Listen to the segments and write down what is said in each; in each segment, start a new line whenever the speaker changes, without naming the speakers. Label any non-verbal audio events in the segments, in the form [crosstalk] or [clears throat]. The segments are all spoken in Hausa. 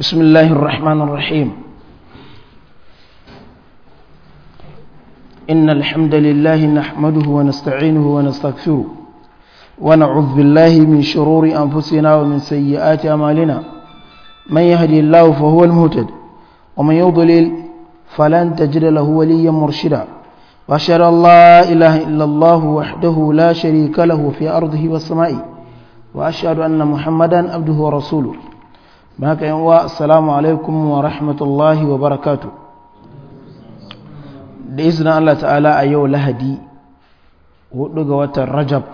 بسم الله الرحمن الرحيم إن الحمد لله نحمده ونستعينه ونستغفره ونعوذ بالله من شرور أنفسنا ومن سيئات أمالنا من يهدي الله فهو المهتد ومن يضلل فلن تجد له وليا مرشدا وأشهد أن لا إله إلا الله وحده لا شريك له في أرضه والسماء وأشهد أن محمدا عبده ورسوله maka yan wa assalamu alaikum wa rahmatullahi wa barakatu da izinin Allah ta'ala a yau lahadi hudu ga watan rajab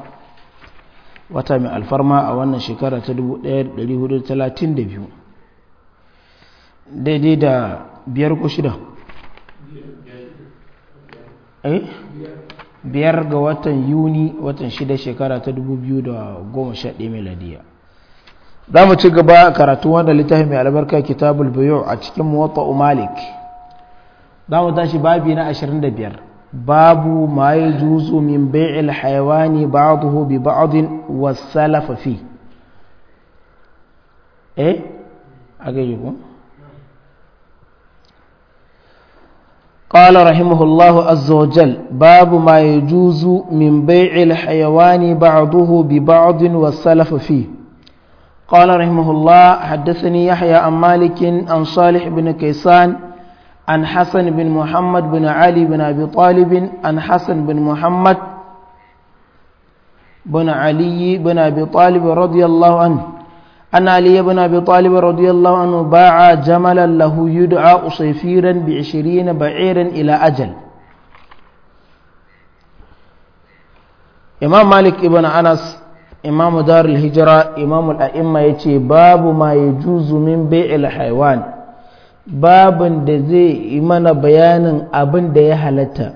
wata mai alfarma a wannan shekara ta 1432 daidai da biyar ko shida eh? biyar ga watan yuni watan shida shekara ta 2011 meladiya
za mu ci gaba
karatu wanda littafi mai albarka kitabul bayu a cikin muwatta malik za mu tashi babi na 25 babu ma ya juzu min bai'il haiwani ba'dahu bi ba'din wasalafa fi eh قال رحمه الله عز وجل باب ما يجوز من بيع الحيوان بعضه ببعض والسلف فيه قال رحمه الله حدثني يحيى عن مالك عن صالح بن كيسان عن حسن بن محمد بن علي بن أبي طالب عن حسن بن محمد بن علي بن أبي طالب رضي الله عنه أن علي بن أبي طالب رضي الله عنه باع جملا له يدعى أصيفيرا بعشرين بعيرا إلى أجل إمام مالك بن أنس imamu darul hijira imamu al'imma ya ce babu ma ya juzu min bai'il haiwan babin da zai yi mana bayanin abin da ya halatta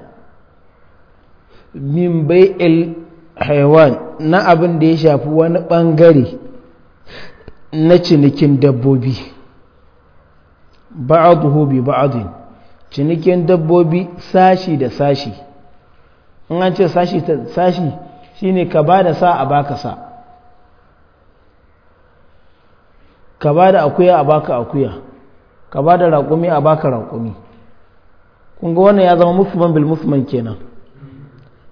min bai'il haiwan na abin da ya shafi wani bangare na cinikin dabbobi ba'aduhu bi ba'adun cinikin dabbobi sashi da sashi in an ce sashi ta sashi shine ka ba da sa a baka sa ka ba da akuya a baka akuya ka ba da raƙumi a baka raƙumi ƙunga wannan ya zama musulman bil musulman kenan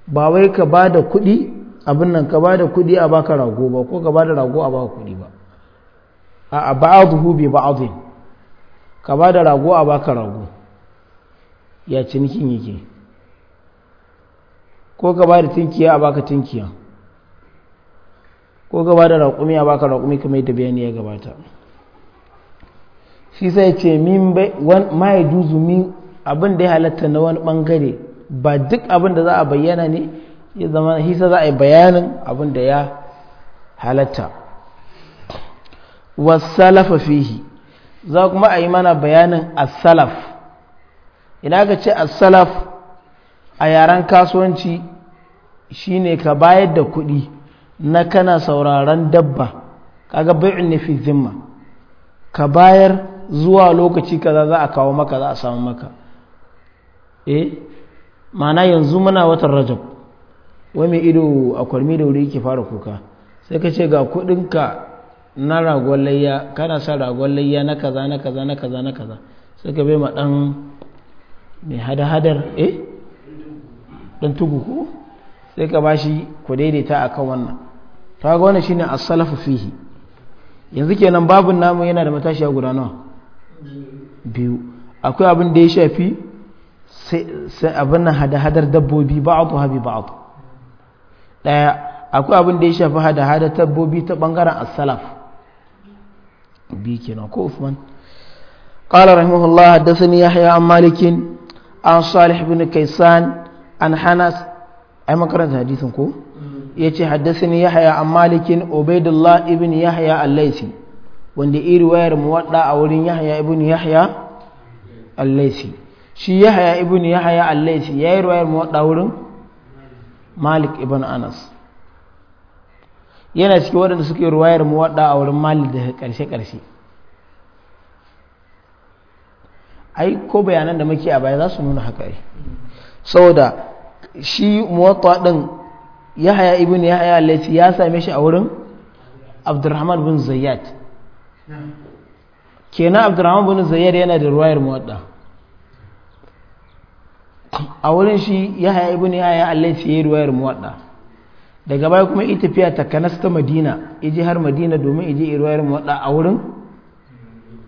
ba wai ka ba da kuɗi abin nan ka ba da kuɗi a baka rago ba ko ka ba da rago a baka kuɗi ba a ba'adhu bi ba'adhin ka ba da rago a baka rago ya nikin yake ko ka ba da tunkiya a baka tunkiya ko ka ba da raƙumi a baka raƙumi kamar yadda bayani ya gabata shi sai ce min ma ya juzu min abin da ya halatta na wani bangare ba duk abin da za a bayyana ne ya zama hisa za a yi bayanin abin da ya halatta salafa fihi za kuma a yi mana bayanin asalaf ina ka ce asalaf a yaren kasuwanci shine ka bayar da kuɗi na kana sauraron dabba kaga bai'in ne fi zimma ka bayar zuwa lokaci kaza za a kawo maka za a samu maka eh mana yanzu muna watan rajab wai mai ido a kwarmi da wuri ke fara kuka sai ka ce ga kuɗinka na ragon layya kana sa ragon layya na kaza na kaza na kaza na kaza sai ka bai ma ɗan mai hada-hadar eh don tugu ku sai ka bashi ku daidaita a kan wannan ta ga wannan shine a salafu fihi yanzu kenan babun namu yana da matashiya guda nawa biyu akwai abin da ya shafi sai abin na hada-hadar dabbobi bi ba a daya akwai abin da ya shafi hada-hadar dabbobi ta bangaren a salafu. bi kenan ko Uthman قال رحمه الله حدثني يحيى عن مالك عن صالح بن كيسان an hanas ai makaranta hadisin ko ya ce haddasani yahya an malikin ubaidullah ibn yahya al-laisi wanda iri wayar muwadda a wurin yahya ibn yahya al-laisi shi yahya ibn yahya al ya yayi wayar muwadda wurin malik ibn anas yana cikin waɗanda suke ruwayar muwadda a wurin malik da ƙarshe-ƙarshe ai ko bayanan da muke a baya za su nuna haka ai saboda shi muwatta ibi yahaya ya yahaya laifi ya same shi a wurin abdurrahman bin zayyad kenan abdurrahman bin zayyad yana da ruwayar muwatta a wurin shi yahaya ya yahaya laifi ya yi ruwayar muwatta daga baya kuma yi tafiya ta kanas ta madina iji har madina domin iji ruwayar muwatta a wurin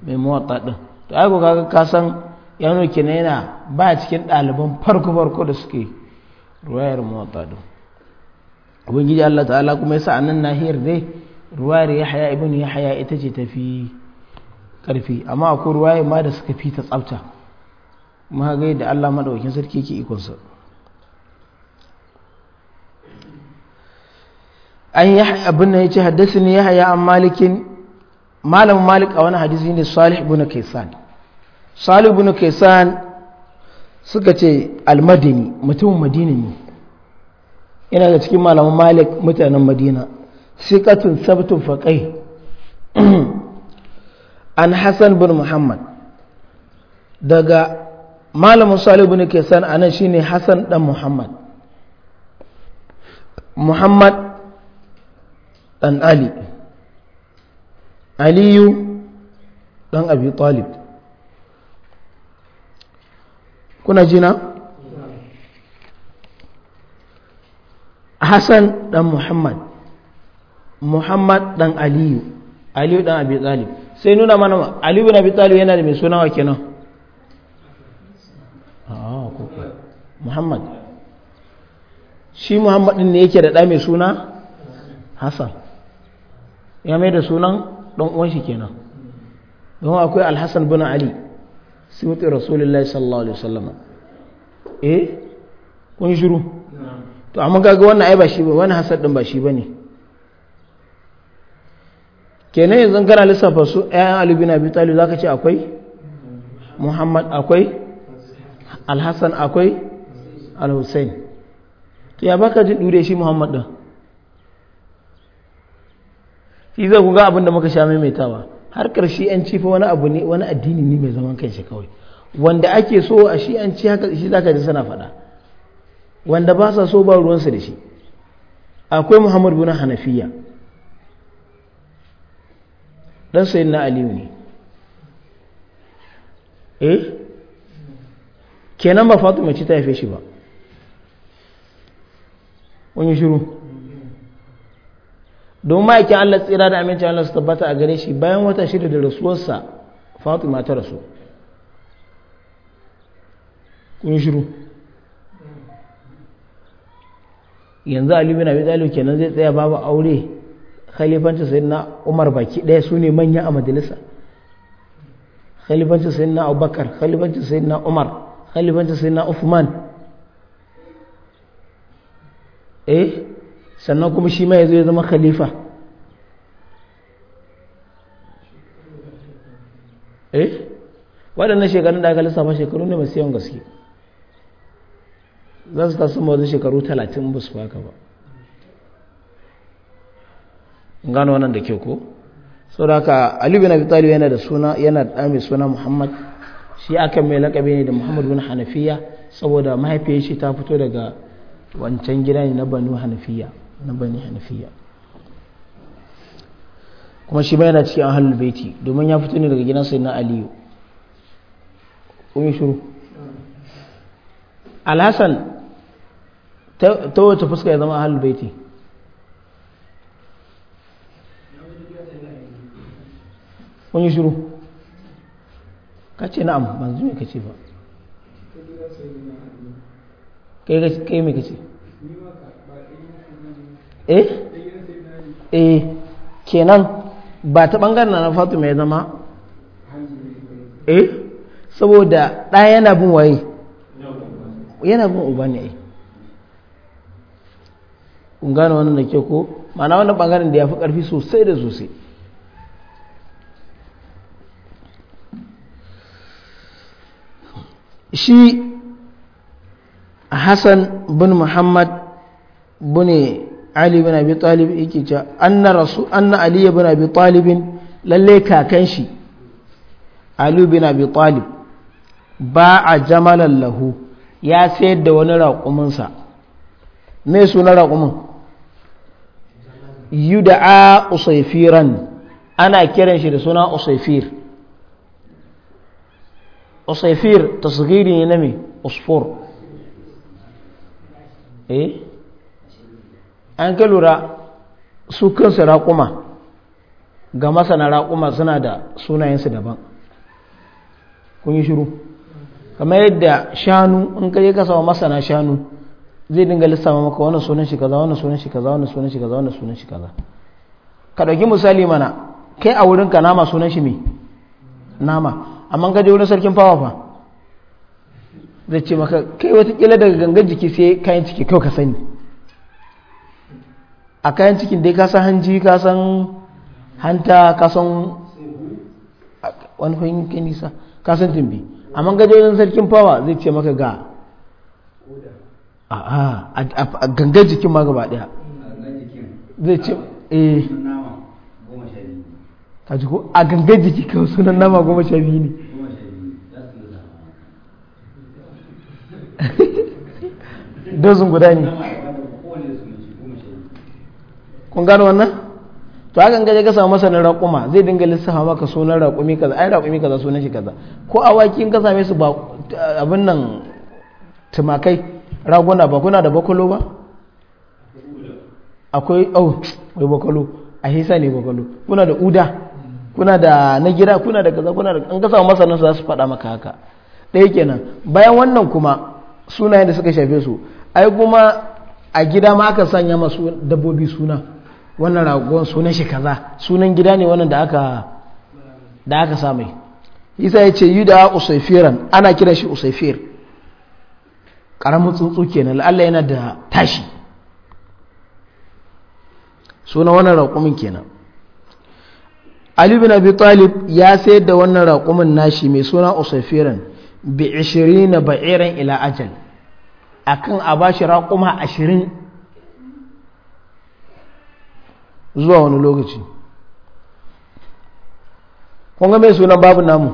mai muwatta ɗin. to ai ko kaga ka san yano kenan yana ba cikin ɗaliban farko farko da suke ruwayar da din ubangiji Allah ta'ala kuma yasa anan nahiyar dai ruwayar ibini ya haya ita ce tafi karfi amma akwai ruwayar ma da suka fi ta tsafta kuma ga da Allah maɗaukin sarki ke ikonsa. sa an abin haddasa yace ya haya an malikin malamin malik a wani hadisi ne salih ibn kaisan salih ibn kaisan suka ce almadini mutumin madini ne ina da cikin malaman malik mutanen madina sikatun sabtun faƙai [clears throat] an hassan bin muhammad daga malamin salihu ne ke san anan shine hassan dan muhammad muhammad dan ali aliyu dan abi talib kuna jina hassan dan muhammad muhammad dan aliyu aliyu dan abi talib sai nuna mana aliyu bin abi talib yana da mai suna wa kenan ah, muhammad shi muhammad din ne yake da ɗa mai suna hassan ya mai da sunan ɗan uwan shi kenan don akwai alhassan bin ali سوره رسول الله صلى الله عليه وسلم eh kun shiru to amma kaga wannan ai ba shi ba wannan hasad din ba shi bane kenan yanzu kana lissafa su ayan Ali bin Abi Talib zaka ce akwai Muhammad akwai al akwai al to ya baka ji dure shi Muhammad din shi zai ku ga abinda muka sha maimaitawa har an ci fa wani abu ne wani addini ne mai zaman kanshi kawai wanda ake so a shi an ci haka shi zaka ji sana faɗa wanda ba sa so ba ruwansa da shi akwai muhammad bin hanafiya dan sayin na aliyu ne eh kenan ba fatima ce ta haife shi ba wani shiru don ma'aikin Allah tsira da amincin Allah su tabbata a gare shi bayan wata shida da rasuwarsa Fatima ta rasu kun shiru yanzu Ali bin Abi Talib kenan zai tsaya babu aure khalifancin sayyidina Umar baki ɗaya su ne manya a majalisa khalifancin sayyidina Abubakar khalifancin sayyidina Umar khalifancin sayyidina Uthman eh sannan kuma shi ma ya zama khalifa eh waɗannan shekarun da aka lissafa shekaru ne masu yawan gaske za su taso mawazin shekaru talatin ba su faka ba gano wannan da ke ko sau sauraka alibi na bitali yana da suna yana da mai suna muhammad shi aka mai lakabi ne da muhammad bin hanafiya saboda mahaifiyar shi ta fito daga wancan gida ne na banu hanafiya na bani hanifiya kuma shi yana cikin ahlul baiti domin ya fito ne daga gidan na aliyu kuma shiru alhassan ta wata fuska ya zama ahlul baiti kuma yi shiru ka ce na'am ban zuwa ka ce ba kai mai ka ce eh eh kenan ba ta bangaren na fatima ya zama eh saboda ɗaya yana bin waye yana bin uba ne eh. kun gane wannan da ke ko mana wannan bangaren da ya fi ƙarfi sosai da sosai shi hassan bin muhammad bin ali bin abi talib yake cewa anna rasu anna ali bin abi talib lalle kakan shi ali bin abi talib ba a jamalan lahu ya sayar da wani raƙumin sa me sunan raƙumin yuda'a usayfiran ana kiran shi da suna usayfir usayfir tasghiri ne na me usfur eh an ka lura su kansu raƙuma ga masana raƙuma suna da sunayensu daban kun yi shiru kamar yadda shanu in ka je kasawa masana shanu zai dinga lissafa maka wani sunan shi kaza wani sunan shi kaza wani sunan shi kaza wani sunan shi kaza ka ɗauki misali mana kai a wurinka nama sunan shi me nama amma ka je wurin sarkin fawa fa zai ce maka kai wata kila daga gangan jiki sai kayan ciki kai ka sani a kayan cikin dai kasan hanji kasan hanta kasan wani fahimkin nisa kasan tumbi amma gajojin sarkin fawa zai ce maka ga a gangan jikin ma gaba daya
zai ce a eh.
ka ji ko a gangan jiki kan sunan nama goma sha biyu ne [laughs] dozin guda ne kun gano wannan to hakan gaje ka samu masanin raƙuma zai dinga lissafa maka sunan raƙumi kaza ai raƙumi kaza sunan shi kaza ko awaki in ka same su ba abin nan tumakai raguna ba kuna da bakwalo ba akwai oh, au wai bakwalo a hisa ne bakwalo kuna da uda kuna da na gida kuna da kaza kuna da an ka samu masanin su za su faɗa maka haka ɗaya kenan bayan wannan kuma sunayen da suka shafe su ai kuma a gida ma aka sanya masu dabbobi suna wannan ragon sunan shi kaza sunan gida ne wannan da aka da aka samu isa ya ce yuda usayfiran ana kiran shi usayfir karamin tsuntsu kenan Allah yana da tashi sunan wannan raƙumin kenan ali bin abi talib ya sayar da wannan raƙumin nashi mai suna usayfiran bi 20 ba'iran ila ajal akan a bashi raƙuma ashirin zuwa wani lokaci kunga mai sunan babu namu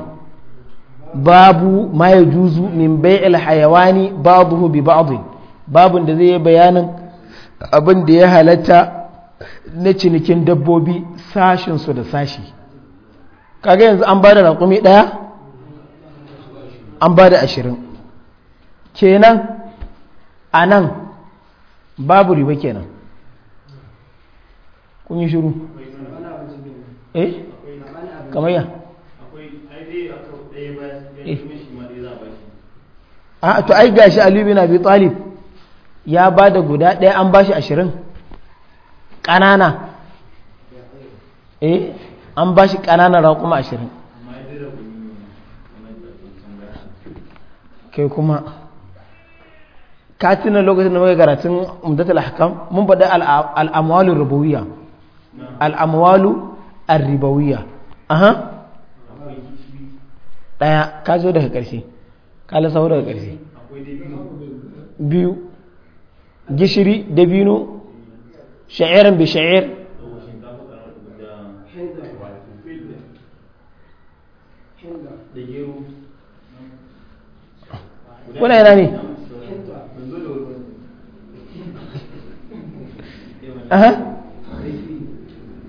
babu ma ya juzu min bai'il hayawani babu bi ba'dhin babun da zai yi bayanin abin da ya halatta na cinikin dabbobi sashinsu da sashi kaga yanzu an ba da raƙumi ɗaya an ba da ashirin kenan a nan babu riba kenan kun yi shiru eh kamar ya a to ai gashi aliyu bin abi talib ya ba da guda ɗaya an ba shi ashirin ƙanana eh an ba shi ƙananan raƙuma ashirin kai kuma katinan lokacin da muka karatun umdatul ahkam mun faɗi al'amwalin rububiyya al'amwalu arribawiya aha ɗaya ka zo daga ƙarshe kala daga ƙarshe biyu gishiri dabino bi sha'ir kuna yana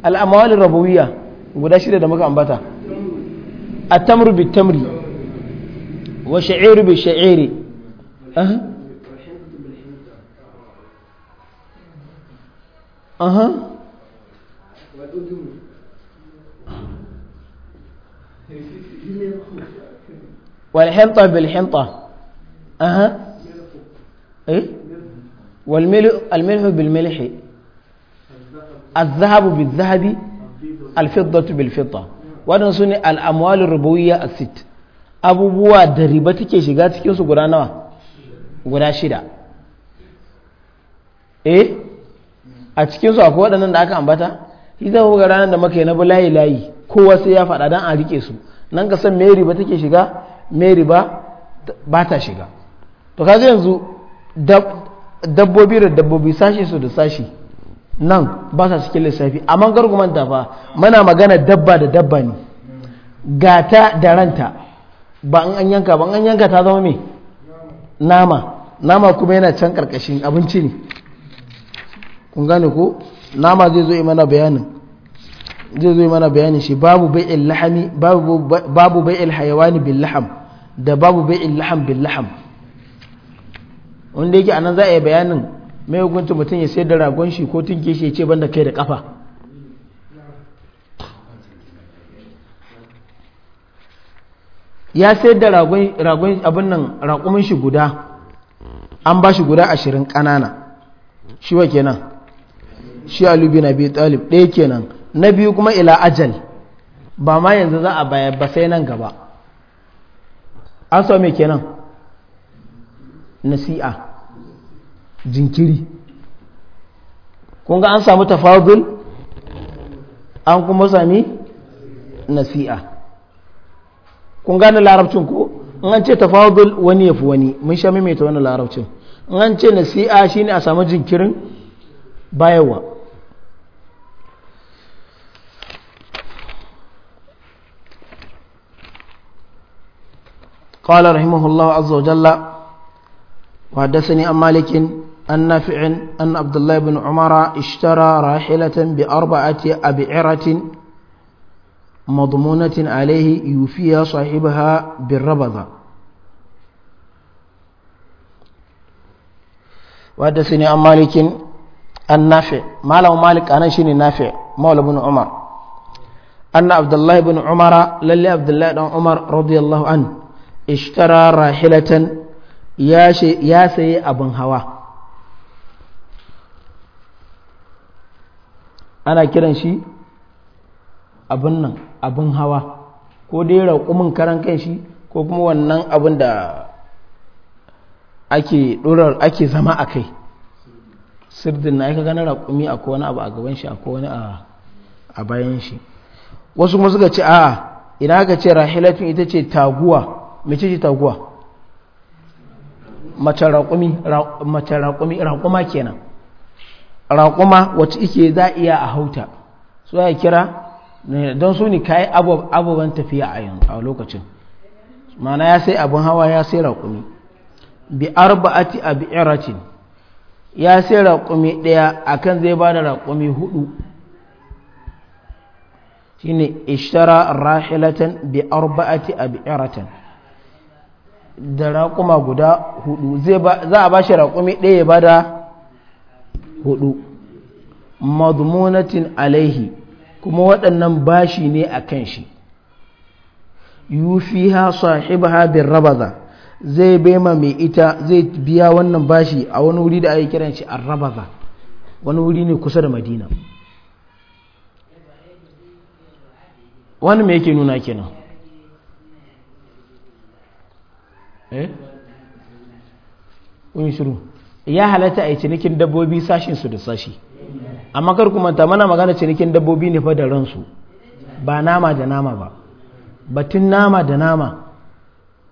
al'amawalin rabuwiya guda shida da muka ambata a tamru bi tamri wa sha'iru bi sha'iri aha والحنطة بالحنطة أها إيه والملح الملح بالملح الذهب بالذهب الفضة بالفضة waɗansu su ne al'amwalin rubawiyya a sit abubuwa da riba take shiga cikinsu guda nawa guda shida eh a cikinsu akwai waɗannan da aka ambata ita ga ranar da maka yi na layi layi kowa sai ya faɗa don a rike su nan ka san mai riba take shiga mai riba ba ta shiga to kaga yanzu dabbobi da dabbobi sashi su da sashi nan ba sa cikin lissafi amma gargumanta fa muna magana dabba da dabba ne gata da ranta ba an yanka ba an yanka ta zama me nama nama kuma yana can karkashin abinci ne kun gane ko nama zai zo mana bayanin zai zo mana bayanin shi babu bai'il lahami babu babu bai'il hayawani bil laham da babu bai'il laham bil laham wanda yake anan za a yi bayanin mai hukunci mutum ya sayar da ragon shi ko tunke shi ya ce banda kai da kafa ya sayar da ragon abin nan raƙumin shi guda an ba shi guda ashirin ƙanana shi wa kenan shi alubi na biyu talib ɗaya kenan na biyu kuma ila ajal ba ma yanzu za a bayar ba sai nan gaba an so mai kenan nasi'a jinkiri kunga an samu tafadul an kuma sami nasi'a kun gane larabcin ko in an ce tafadul wani ya fi wani mun sha maimaita wani larabcin in an ce nasi'a shine a samu jinkirin bayawa قال رحمه الله عز وجل وحدثني عن مالك النافع أن عبد الله بن عمر اشترى راحلة بأربعة أبعرة مضمونة عليه يوفي صاحبها بالربضة وحدثني عن مالك النافع ما لو مالك أنا شيني نافع مولى بن عمر أن عبد الله بن عمر للي عبد الله بن عمر رضي الله عنه اشترى راحلة يا شي يا سي أبن هواه ana kiran shi abin nan abin hawa ko dai raƙumin karan kan shi ko kuma wannan abin da ake ɗorar ake zama a kai sirdin na aika ganin raƙumi a wani abu a gaban shi a wani a bayan shi wasu kuma suka ce a ina aka ce rahilatun ita ce taguwa mace ce taguwa mace raƙumi raƙuma kenan raƙuma wacce ike za iya a hauta su ya kira eh, don su ne kayi abubuwan tafiya a yanzu a lokacin mana ya sai abin hawa ya sai raƙumi bi arba'ati a bi'iratin ya sai raƙumi ɗaya akan zai ba da raƙumi hudu shine ishtara rahilatan bi arba'ati a bi'iratin da raƙuma guda hudu za a ba shi raƙumi ɗaya ya ba da hudu madmunatin alaihi kuma waɗannan bashi ne a kan shi yufiha sahibaha bin rabaza zai bema mai ita zai biya wannan bashi a wani wuri da ake kiran shi rabaza wani wuri ne kusa da madina wani mai yake nuna kenan eh? shiru ya halatta a yi cinikin dabbobi sashin su da sashi amma kar kuma ta mana magana cinikin dabbobi ne fa da ransu ba nama da nama ba batun nama da nama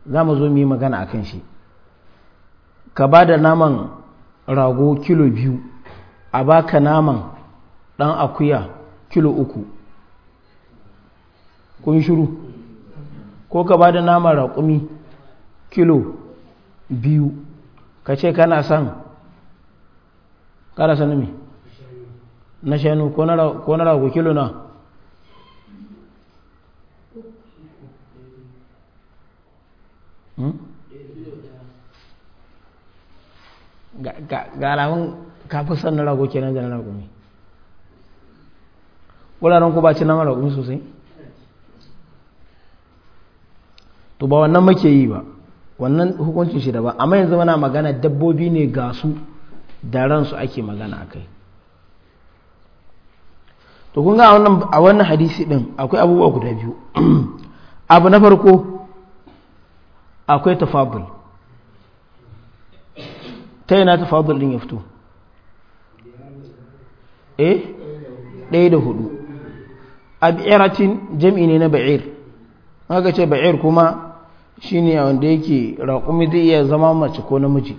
za mu zo mu yi magana kan shi ka ba da naman rago kilo biyu a baka naman ɗan akuya kilo uku kun shuru ko ka ba da naman raƙumi kilo biyu ka ce kana son ƙara sanu mi na shanu ko na rahu kilo na hmm? ga alamun kafin san rahu ke nan da na rago ne wuraren ku ba ci na rago sosai to ba wannan muke yi ba wannan hukuncin shi da ba amma yanzu mana magana dabbobi ne ga su da ransu ake magana akai to kun ga a wannan hadisi din akwai abubuwa guda biyu [clears throat] abu na farko akwai tafadul ta yana tafadul din ya fito eh ɗaya da hudu a bi'iratin jam'i ne na ba'ir haka ce ba'ir kuma shine wanda yake raƙumi zai iya zama mace ko namiji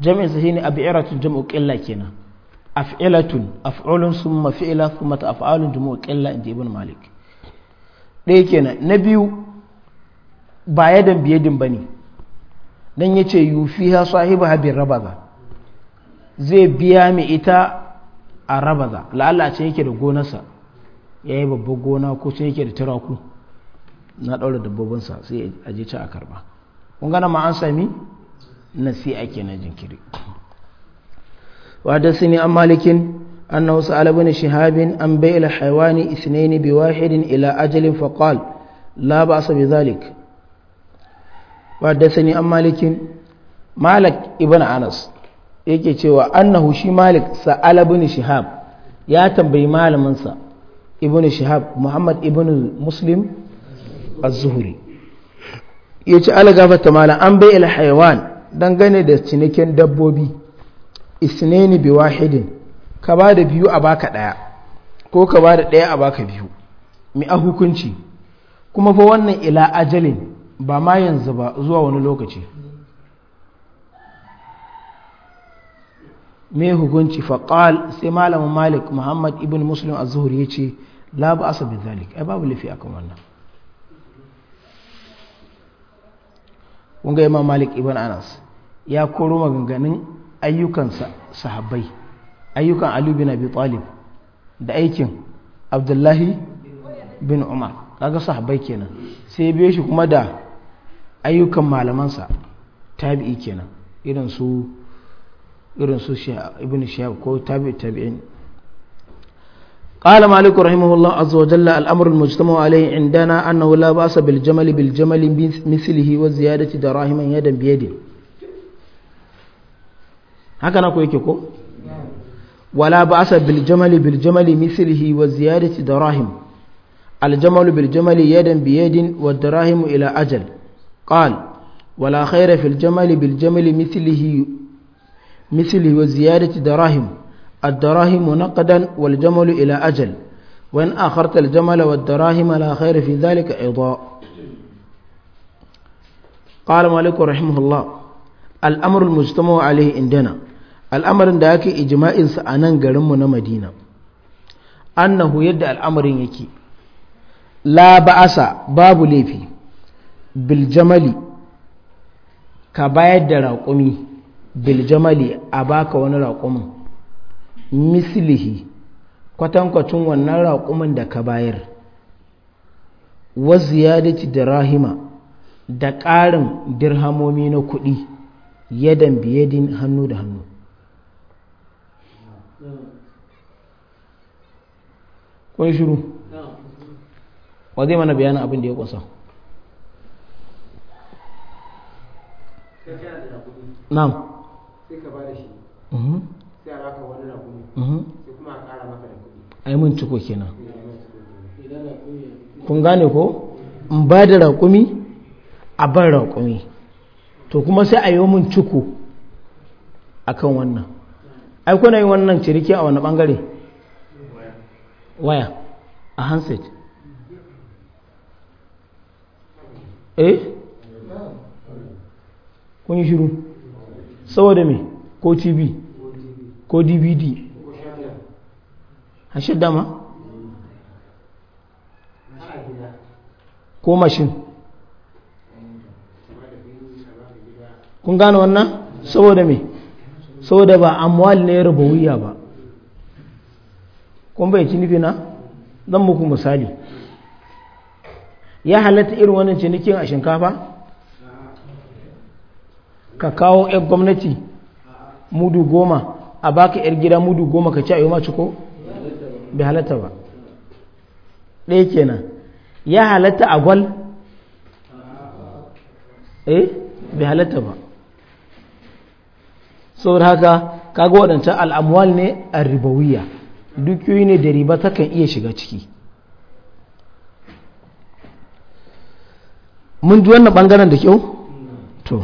jami'in sa shine abiratun jam'u qilla kenan af'ilatun af'ulun summa fi'la thumma af'alun jam'u qilla inda ibn malik ɗaya kenan na biyu ba yadan din bane dan yace yufiha sahibaha bir rabaza zai biya mi ita a rabaza la'alla ce yake da gonarsa ya yi babban gona ko ce yake da turaku na ɗaura dabbobinsa sai a je ci a karba kun gana ma an sami na sai ake na jinkiri وحدثني عن مالك an سأل ila شهاب عن بيع الحيوان اثنين بواحد إلى أجل فقال لا بأس بذلك وحدثني عن مالك مالك ابن أنس yake cewa annahu shi malik sa'ala ibn shihab ya tambayi malaminsa ibn shihab muhammad ibn muslim az-zuhri yace ala gafata malam an bai al dangane da cinikin dabbobi isneni bi wahidin ka ba da biyu a baka ɗaya ko ka ba da ɗaya a baka biyu mi a hukunci kuma fa wannan ila ajalin ba ma yanzu ba zuwa wani lokaci mai hukunci faƙal sai malamin malik muhammad ibn muslim a zuhur ya ce labu asa bin zalik ai babu lafi akan wannan wanga imam malik ibn anas ya koro maganganun ayyukan sahabbai ayyukan Ali bin Abi Talib da aikin Abdullahi bin Umar kaga sahabbai kenan sai biyo shi kuma da ayyukan malamansa tabi'i kenan irin su irin su ibn Shihab ko tabi'i tabi'in قال مالك رحمه الله عز وجل الأمر المجتمع عليه عندنا أنه لا بأس بالجمل بالجمل مثله وزيادة دراهم يدا بيد haka na ku yake ko wala ba'asa bil biljamali biljamali jamali mislihi wa ziyadati darahim aljamalu biljamali yadan bi yadin wa darahim ila ajal qal wala khayra fil jamali biljamali jamali mislihi wa ziyadati darahim الدراهم نقدا والجمل إلى أجل وإن آخرت الجمل والدراهم لا خير في ذلك أيضا قال مالك رحمه الله الأمر المجتمع عليه عندنا al'amarin da yake ijma'insa a nan garinmu na madina annahu yadda al'amarin yake la ba'asa babu laifi biljamali ka bayar da raƙumi biljamali a baka wani raƙumin mislihi kwatankwacin wannan raƙumin da ka bayar wa ziyadati da rahima da ƙarin dirhamomi na kuɗi yadan biyadin hannu da hannu ko ya shiru wa mana bayanin abin da ya kusa sai ka shi mhm. sai a mhm. sai kuma a da kenan kun gane ko in ba da rakumi a ban to kuma sai a yi mun ciko akan wannan ai kuna yi wannan ciriki a wani bangare waya a handset eh kun yi shiru saboda me ko tv ko dvd
a
hashir dama ko mashin kun gane wannan saboda me saboda ba amwal ne rubawiya ba kun bai ci nufi na zan muku misali ya halatta irin wannan cinikin a shinkafa ka kawo 'yan gwamnati mudu goma a baka 'yar gida mudu goma ka ci a yi ma ciko bai halatta ba ɗaya kenan ya halatta a gwal eh bai halatta ba saboda haka kaga waɗancan al'amwal ne a ribawiya dukiyoyi ne da riba takan iya shiga ciki mun ji wannan bangaren da kyau to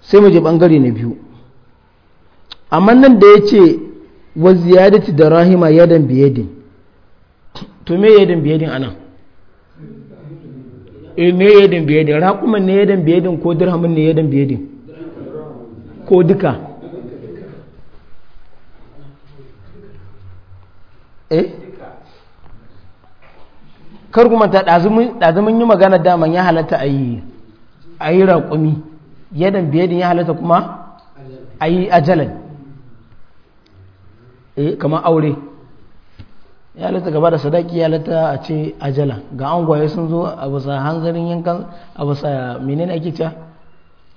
sai mu je bangare na biyu amma nan da ya ce wa ziyadati da rahima yadan biyadin to me yadan biyadin anan e eh, me yadan biyadin raƙuman ne yadan biyadin ko dirhamin ne yadan biyadin ko duka eh kar kuma ta ɗazumin yi magana daman ya halatta a yi a yi raƙumi yadan biyadin ya halatta kuma a yi ajalan eh kama aure ya halatta gaba da sadaki ya halatta a ce ajala ga an gwaye sun zo a basa hanzarin yankan a basa menene ake ce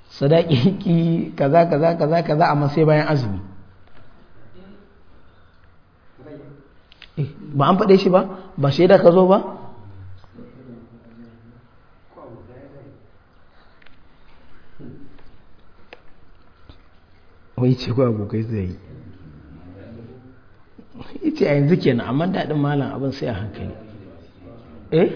sadaki [laughs] kaza kaza kaza kaza amma sai bayan azumi Eh, ba an faɗe shi ba ba shaida ka zo ba wai ce kuwa abokai zai yi ce a yanzu kenan amma daɗin malam abin sai a hankali eh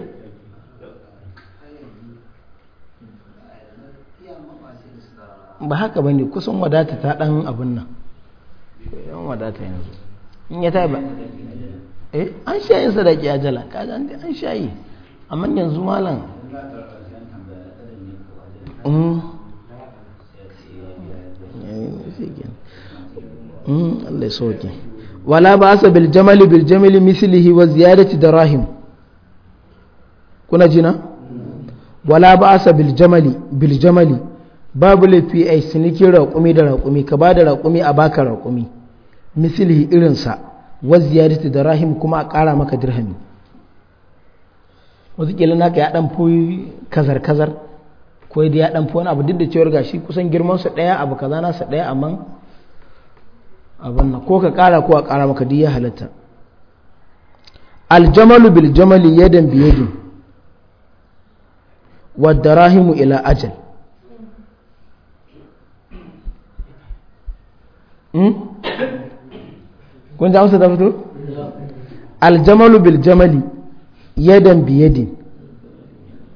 ba haka ba ne kusan wadata ta
ɗan abin nan yan wadata yanzu in ya taba eh an sha yin sadaki ajala kaga an sha yi amma yanzu malam mm. Mm, Allah sauke wala ba asa bil jamali bil jamali mislihi wa ziyadati darahim kuna jina wala ba asa bil jamali bil jamali babu lafi ai siniki raƙumi da raƙumi ka ba da raƙumi a baka raƙumi mislihi irinsa wa da dirahim kuma a ƙara maka dirhami na ka ya ɗan fi kazar-kazar ko da ya ɗan fi wani abu duk da cewar gashi kusan girman su ɗaya abu kaza nasa ɗaya amma abin nan ko ka ƙara ko a ƙara maka duk ya halatta aljamalu bil jamali yadan bi yadin wa darahimu ila ajal hmm? kun ji amsa ta fito aljamalu bil jamali yadan bi yadin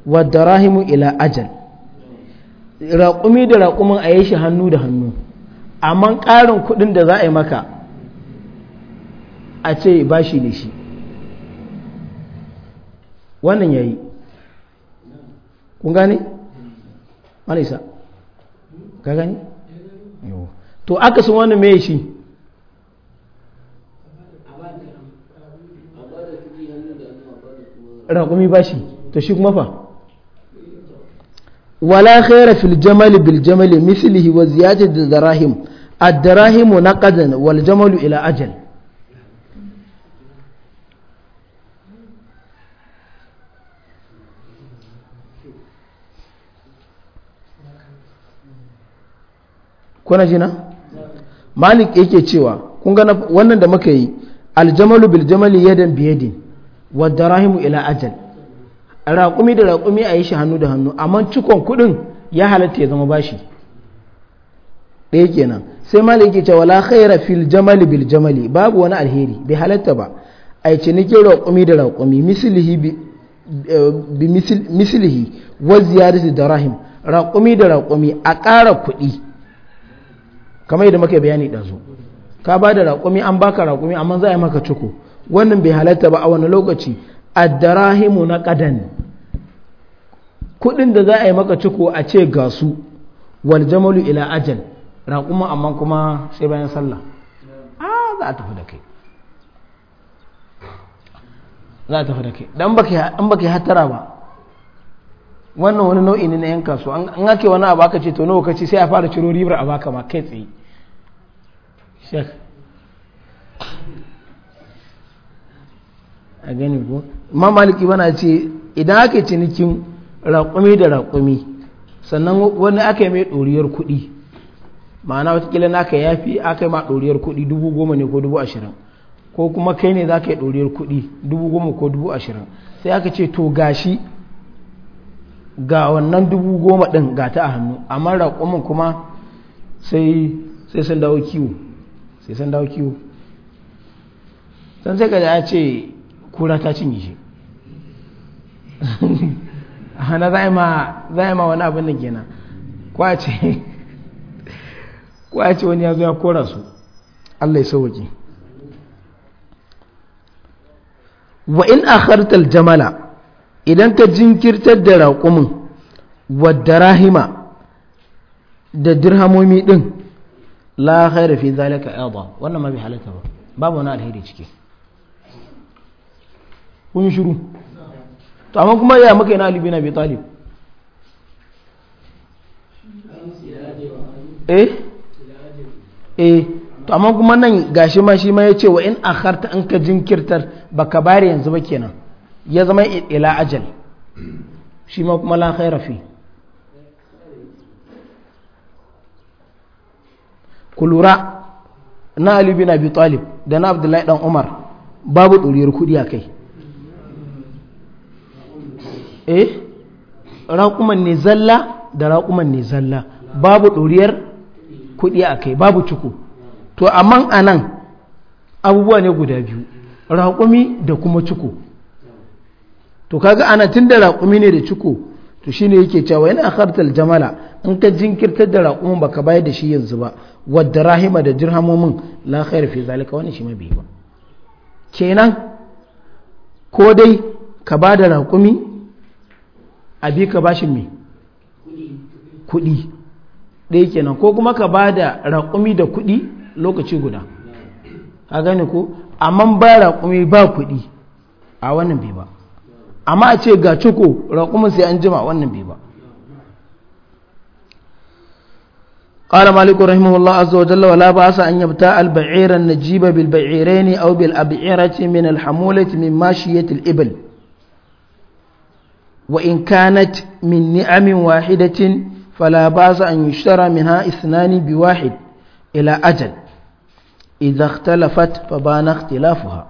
wa darahimu ila ajal raƙumi da raƙumin a yi shi hannu da hannu amma ƙarin kuɗin da za a yi maka a ce ba shi da shi wannan ya yi kun gane? malisa ka gane? to aka sun wani mai shi raƙumi shi to shi kuma fa wala khaira fil jamal bil jamal mislihi wa ziyadatu darahim ad-darahimu naqadan wal jamalu ila ajal kuna jina malik yake cewa kun ga wannan da muka yi aljamalu bil jamali yadan biyadin wadda ila ajal raƙumi da raƙumi a yi shi hannu da hannu amma cikon kuɗin ya halatta ya zama bashi ɗaya kenan sai malik yake cewa la khaira fil jamali bil jamali babu wani alheri bai halatta ba a yi cinikin raƙumi da raƙumi mislihi bi eh, mislihi wa darahim raƙumi da raƙumi a ƙara kuɗi kamar yadda muka bayani ɗazu ka ba da raƙumi an baka raƙumi amma za a yi maka cuku. wannan bai halatta ba a wani lokaci addarahimu na ƙadan kuɗin da za a yi maka ciko a ce ga su wal jamalu ila ajal raƙuma amma kuma sai bayan sallah a za a tafi da kai za a tafi da kai dan an baki hattara ba wannan wani nau'i ne na yan su. an ake wani abu aka ce to nawa kace sai a fara ciro ribar abaka ma kai tsaye a gani ko ma maliki bana ce idan aka cinikin raƙumi da raƙumi sannan wani aka yi mai ɗoriyar kuɗi ma'ana watakila na ka yafi aka yi ma ɗoriyar kuɗi dubu goma ne ko dubu ashirin ko kuma kai ne za ka yi ɗoriyar kuɗi dubu goma ko dubu ashirin sai aka ce to gashi ga wannan dubu goma ɗin ga ta a hannu amma raƙumin kuma sai sai sun dawo kiwo sai sun dawo kiwo don sai ka ce kura ta cinye shi [laughs] hana za a ma wani abin da kenan kwace kwace wani ya zo ya kora su Allah ya sauwaki wa in a akhartal jamala idan ka jinkirtar da raƙumin wadda rahima da dirhamomi ɗin, la khaira fi zalika ba, wannan ma bi halatta ba babu wani alheri ciki kun shiru to amma kuma ya maka yana alibi na bi talib eh eh to amma kuma nan gashi ma shi ma ya ce wa in akharta an ka jinkirtar baka bare yanzu ba kenan ya zama ila ajal shi ma kuma la khaira fi kulura na alibi na bi talib da na abdullahi dan umar babu ɗoriyar kuɗi a kai eh raƙuman ne zalla da raƙuman ne zalla babu ɗoriyar kuɗi a kai babu cuku to amma a nan abubuwa ne guda biyu raƙumi da kuma cuku to kaga ana tun da raƙumi ne da cuku to shine yake cewa yana akhartal jamala in ka jinkirtar da raƙumin ka bayar da shi yanzu ba wadda rahima da jirhamomin lahayar fi zalika wani shi mabi ba kenan ko dai ka ba da raƙumi a bi ka bashin mai kuɗi ɗaya kenan ko kuma ka ba da raƙumi da kuɗi lokaci guda a gani ko amma ba raƙumi ba kuɗi a wannan bai ba amma a ce ga ciko raƙumin sai an jima wannan bai ba قال مالك رحمه الله عز وجل ولا بأس أن يبتاع البعير النجيب بالبعيرين أو بالأبعيرة من الحمولة من ماشية الإبل وإن كانت من نعم واحدة فلا بأس أن يشترى منها اثنان بواحد إلى أجل إذا اختلفت فبان اختلافها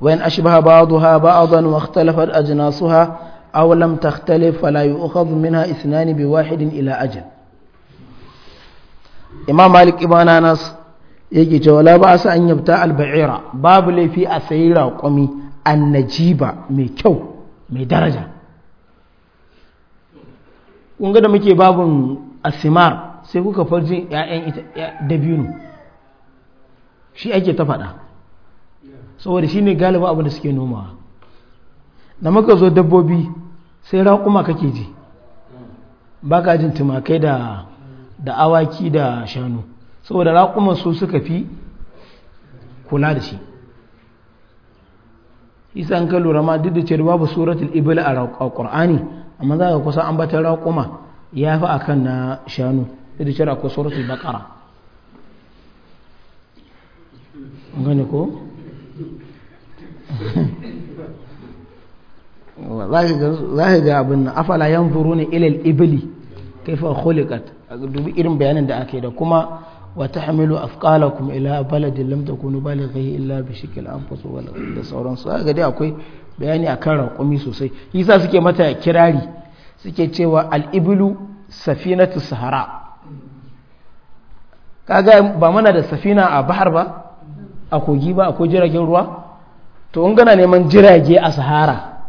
وإن أشبه بعضها بعضا واختلفت أجناسها أو لم تختلف فلا يؤخذ منها اثنان بواحد إلى أجل إمام مالك إبان أنس يجي cewa بأس أن يبتاع البعيرة yabta alba'ira babu laifi a sayi raƙumi مي درجة kun ga da muke babin asimar sai kuka farji ‘ya'yan dabino shi ake ta faɗa saboda shi ne galiba abin da suke nomawa da muka zo dabbobi sai raƙuma kake ji ba ka jin tumakai da awaki da shanu saboda raƙuma su suka fi kula da shi isa an ka lura duk da cewa babu suratul ibla a ƙur'ani amma za ka kusa ambatan raƙuma ya fi a kan na shanu idan cira ko suratul [laughs] bakara gani ko za ka ga abin na afala yan zuru ne ilil ibili holikat a dubi irin bayanin da ake da kuma wa tahmilu kuma ila baladin lam takunu balighi illa bi an anfus da sauransu ga dai akwai bayani akan raƙumi sosai yasa suke mata kirari suke cewa al'ibilu safinatu sahara kaga ba mana da safina a bahar ba a kogi ba akwai jiragen ruwa to in gana neman jirage a sahara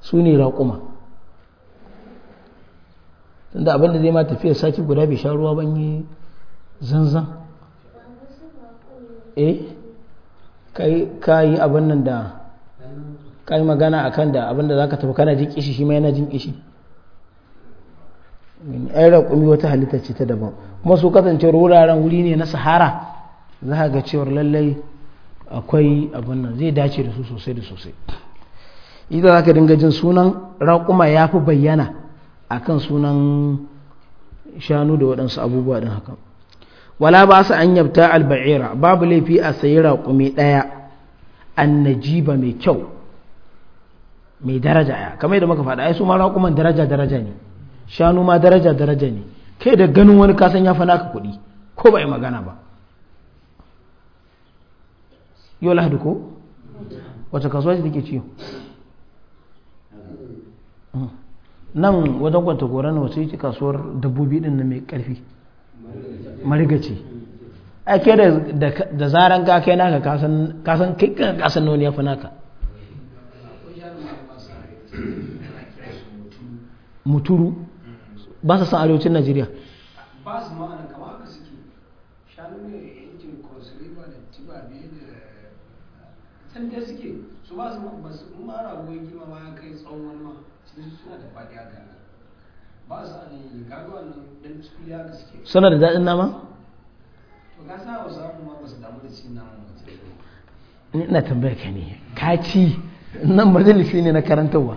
su ne raƙuma tunda abinda zai ma tafiya sati guda bai sha ruwa ban yi zanzan eh ka yi abin nan da kai magana a kan da abinda za ka tafi kana jin kishi shi ma yana jin kishi ai raƙumi wata halitta ce ta daban kuma su kasancewar wuraren wuri ne na sahara za ka ga cewar lallai akwai abin nan zai dace da su sosai da sosai idan za ka dinga jin sunan raƙuma ya fi bayyana a kan sunan shanu da waɗansu abubuwa ɗin haka wala ba su an yabta alba'ira babu laifi a sayi raƙumi ɗaya annajiba mai kyau mai daraja ya kamar yadda muka faɗa ai su ma raƙuman daraja daraja ne shanu ma daraja daraja ne kai da ganin wani kasan ya fa naka kuɗi ko ba yi magana ba yau lahadu ko wata kasuwa ce take ciyo nan wajen kwanta na wasu yi kasuwar dabbobi din na mai karfi marigaci ake da zaren ka kai naka kasan kai kasan noni ya fi naka muturu ba sa san arewacin najeriya ba su ma'ana kama haka suke shanu ne yankin ba da tiba ne da can dai suke su ba su ba su mara goyi gima ba ya kai tsawon wani ma Su suna da faɗi haka ba su ana yi gagawa nan dan cikin haka suke suna da daɗin nama to ka sa wasu abubuwa ba su damu da cin nama ba ina tambaya ka ne ka ci nan lufi ne na karantarwa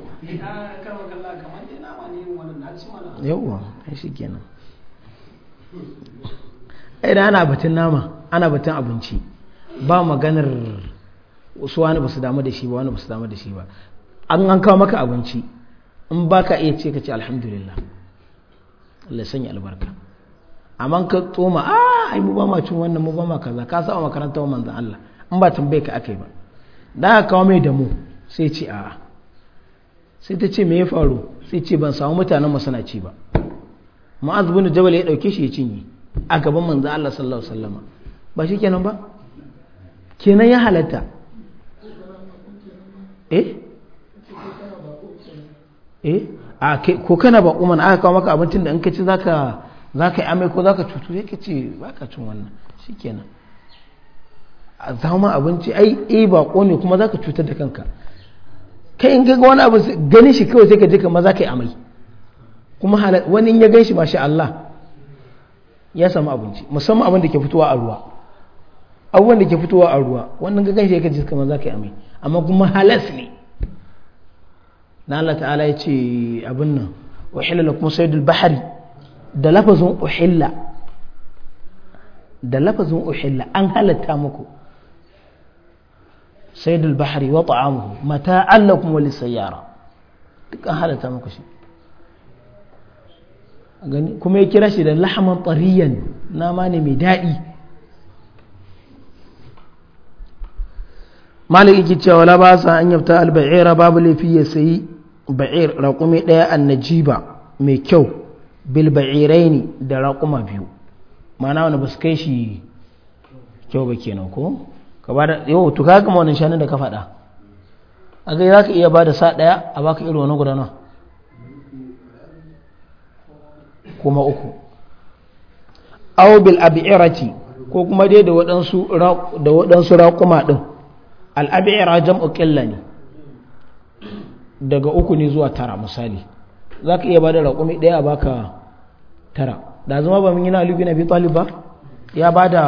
yauwa shi kenan idan ana batun nama ana batun abinci ba maganar wasu wani ba su damu da shi ba wani ba su damu da shi ba an an kawo maka abinci in ba ka iya ce ka ce alhamdulillah Allah sanya albarka amma ka tsoma a ah, ai mu ba ma cin wannan mu ba ma kaza ka sa makaranta wa manzon Allah in ba tambaye ka akai ba da ka kawo mai damu. sai ce a'a sai ta ce me ya faru sai ce ban samu mutanen masanaci ba ma'az bin jabal ya dauke shi ya cinye a gaban manzo Allah sallallahu alaihi wasallama ba shi kenan ba kenan ya halatta eh eh a ko kana ba umman aka kawo maka abincin da in ka ci zaka zaka yi amai ko zaka cutu sai ka ce baka cin wannan shikenan a zama abinci ai eh bako ne kuma zaka cutar da kanka kai in ga wani abu ganin shi kawai sai ka je kamar za ka yi amai kuma wani ya gan shi masha Allah ya samu abinci musamman abin da ke fitowa a ruwa abubuwan da ke fitowa a ruwa wannan ga gan shi ka ji kamar za ka yi amai amma kuma halas ne na Allah ta'ala ya ce abin nan da kuma saidul bahari da lafazin uhilla da lafazin uhilla an halatta muku saidul bahari wa ta'amuhu mata allakum wa lisayyara duk an halatta muku shi gani kuma ya kira shi da lahaman tsariyan nama ne mai daɗi malik yake cewa la ba sa an yabta al babu laifi ya sayi ba'ir raƙumi ɗaya annajiba mai kyau bil ne da raƙuma biyu ma'ana wani ba su kai shi kyau ba kenan ko ka ba da yau to kaga ma wannan shanun da ka faɗa a ga za ka iya ba da sa ɗaya a baka irin wani guda nawa kuma uku aw bil ab'irati ko kuma dai da waɗansu da waɗansu raƙuma ɗin al ab'ira jam'u qilla ne daga uku ne zuwa tara misali za ka iya ba da raƙumi ɗaya a baka tara da zama ba mun yi na alibi na bi talib ya ba da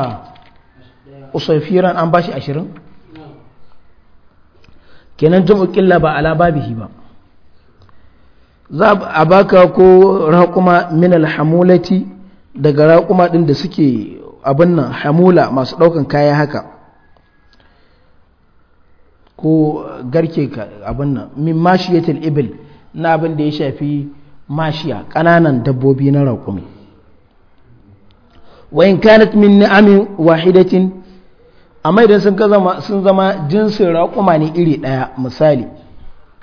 usaifiran an bashi ashirin kenan jam'u killa ba ala babihi ba za a baka ko raƙuma min alhamulati daga raƙuma ɗin da suke abin nan hamula masu ɗaukan kaya haka ko garke abin nan min mashiyatul ibil na abin da ya shafi mashiya ƙananan dabbobi na raƙumi wa in kanat min ni'amin wahidatin amma idan sun zama jinsin raƙuma ne iri ɗaya misali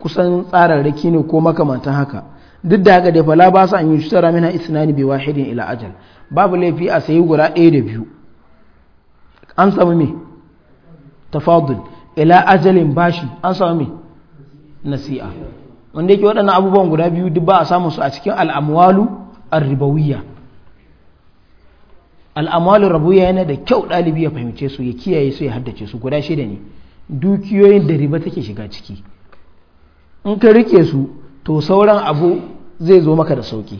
kusan tsararraki ne ko makamantan haka duk da haka da fala ba su an yi tara mina isnani bi wahidin ila ajal babu laifi a sayi guda ɗaya da biyu an samu me tafadul ila ajalin bashi an samu me nasi'a wanda yake waɗannan abubuwan guda biyu duk ba a samu su a cikin al'amwalu arribawiyya al'amalin rabuya yana da kyau ɗalibi ya fahimce su ya kiyaye su ya haddace su guda shida ne dukiyoyin da riba take shiga ciki in ka rike su to sauran abu zai zo maka da sauki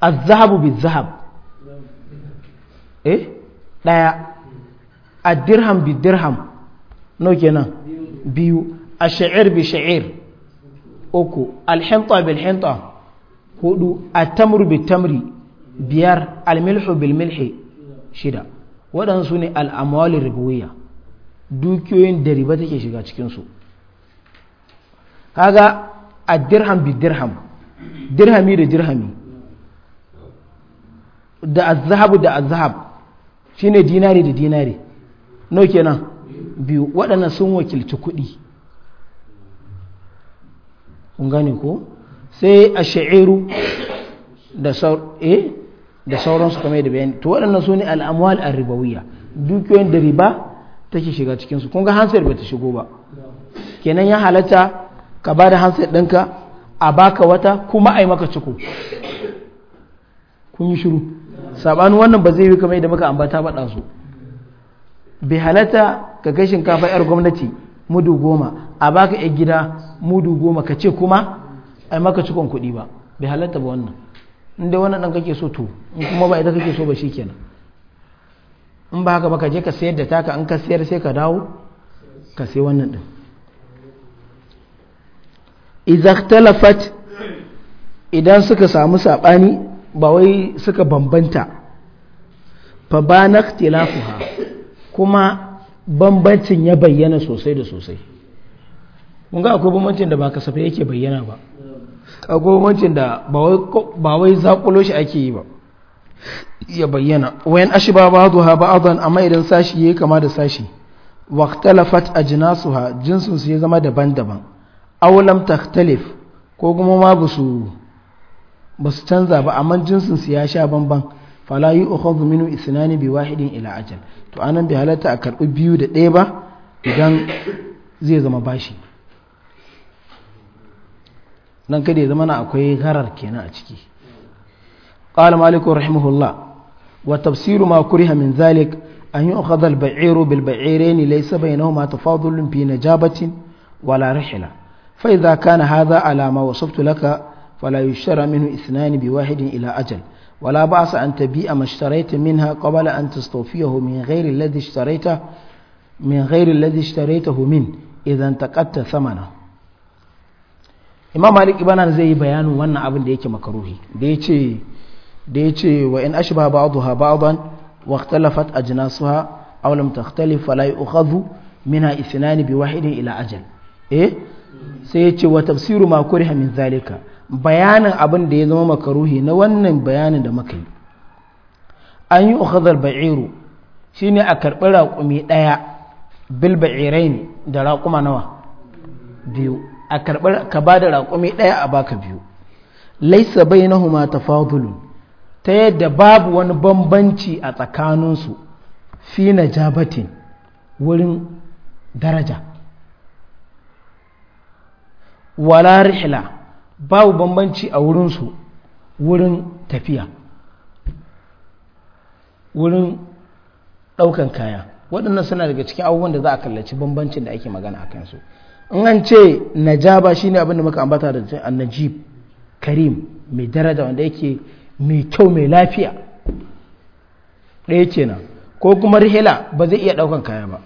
azhabu bi zahab eh ɗaya a dirham bi dirham kenan biyu a sha'ir uku alhinta bil hudu a tamru biyar almilhu bil milhi shida waɗansu ne al'amwali ribuwiya dukiyoyin da riba take shiga cikinsu kaga a dirham bi dirham dirhami da dirhami da azhabu da azhab shine dinari da dinari no kenan biyu waɗannan sun wakilci kuɗi kun gane ko sai a sha'iru da saur eh da sauransu kamar da bayani to waɗannan su ne al'amwal arribawiyya dukiyoyin da riba take shiga cikinsu kun ga hansar ba ta shigo ba kenan ya halatta ka ba da hansar ɗinka a baka wata kuma a maka ciko kun yi shiru saɓanin wannan ba zai yi kamar da muka ambata ba su bai halatta ka kai shinkafa 'yar gwamnati mudu goma a baka 'yar gida mudu goma ka ce kuma a maka cikon kuɗi ba bai halatta ba wannan dai wannan dan kake so to in kuma ba ita kake so ba shikenan in ba haka ba ka je ka sayar da taka in ka sayar sai ka dawo ka sai wannan din idza idan suka samu saɓani ba wai suka bambanta fa bana ikhtilafuha kuma bambancin ya bayyana sosai da sosai kun ga akwai bambancin da ba kasafai yake bayyana ba kagomancin da ba wai zakulo shi ake yi ba ya bayyana wayan ashi ba ba ha ba'adhan amma idan sashi yayi kama da sashi waqtalafat ajnasuha jinsun su ya zama daban-daban aw lam ko kuma ma basu basu canza ba amma jinsun su ya sha banban fala yu'khadhu minu isnani bi wahidin ila ajal to anan bi halatta a karbi biyu da ɗaya ba idan zai zama bashi nan kada ya zama na akwai gharar kenan a ciki qala maliku rahimahullah wa tafsiru ma kuriha min zalik an yu'khadha al-ba'iru bil ba'irain laysa baynahuma tafadulun fi najabatin wala rihla fa idha kana hadha ala ma wasaftu laka fala yushtara minhu ithnan bi wahidin ila ajal wala ba'sa an tabi'a ma ishtarayta minha qabla an tastawfiyahu min ghayri alladhi ishtarayta min ghayri alladhi اشتريته min إذا taqatta thamanahu imam malik ibanan zai yi bayanin wannan abin da yake makaruhi da yace da ce wa in ashba ha ba'dan wa ikhtalafat ajnasuha aw lam takhtalif fala yu'khadhu minha ithnan bi wahidin ila ajal eh sai ce wa tafsiru ma kuriha min zalika bayanin abin da ya zama makaruhi na wannan bayanin da muka yi an yi ukhadhal ba'iru shine a karbi raƙumi daya bil ba'irain da raƙuma nawa biyu a karɓar ka ba da raƙumi ɗaya a baka biyu laisa bai bainahuma tafadulun ta yadda babu wani bambanci a tsakaninsu fi jabatin wurin daraja wala rihla babu bambanci a wurinsu wurin tafiya wurin ɗaukan kaya waɗannan suna daga cikin abubuwan da za a kallaci bambancin da ake magana a kansu in an ce najaba shine abin da muka ambata da annajib karim mai daraja wanda yake mai kyau mai lafiya ɗaya kenan ko kuma rihila ba zai iya ɗaukan kaya ba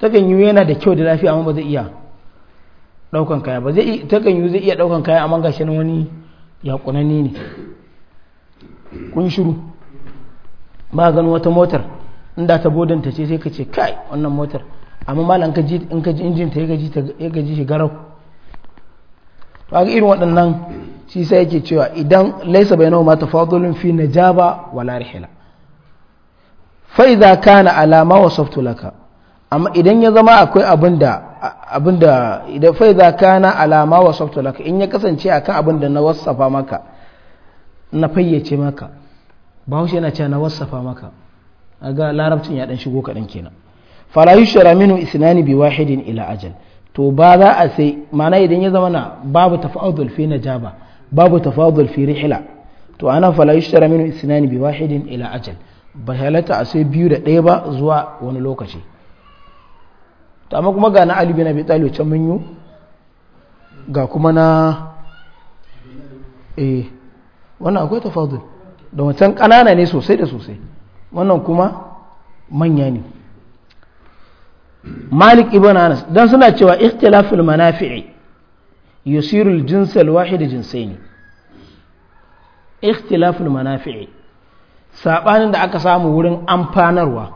ta yi yana da kyau da lafiya amma ba zai iya ɗaukan kaya ba zai ta zai iya ɗaukan kaya amma gashi wani ya ne kun shiru ba gano wata motar inda ta bodanta ce sai ka ce kai wannan motar amma mala in ka ji injin ta ya gaji shi garau to ga irin waɗannan shi sai yake cewa idan laysa bainahu ma tafadulun fi na wala rihla fa idza kana alama wa laka amma idan ya zama akwai abinda abinda idan fa idza kana alama wa laka in ya kasance akan abin da na wasafa maka na fayyace maka bahaushe yana cewa na wasafa maka ga larabcin ya dan shigo kaɗan kenan fala yushra minhu isnani bi wahidin ila ajal to ba za a sai mana idan ya zama na babu tafadul fi najaba babu tafadul fi rihla to ana fala yushra minhu isnani bi wahidin ila ajal ba halata a sai biyu da ɗaya ba zuwa wani lokaci to amma kuma ga na Ali bin Abi Talib can mun yi ga kuma na eh wannan akwai tafadul da wancan kanana ne sosai da sosai wannan kuma manya ne malik ibn anas dan suna cewa ikhtilaful manafi'i yusirul jinsa alwahid jinsaini ikhtilaful manafi'i sabanin da aka samu wurin amfanarwa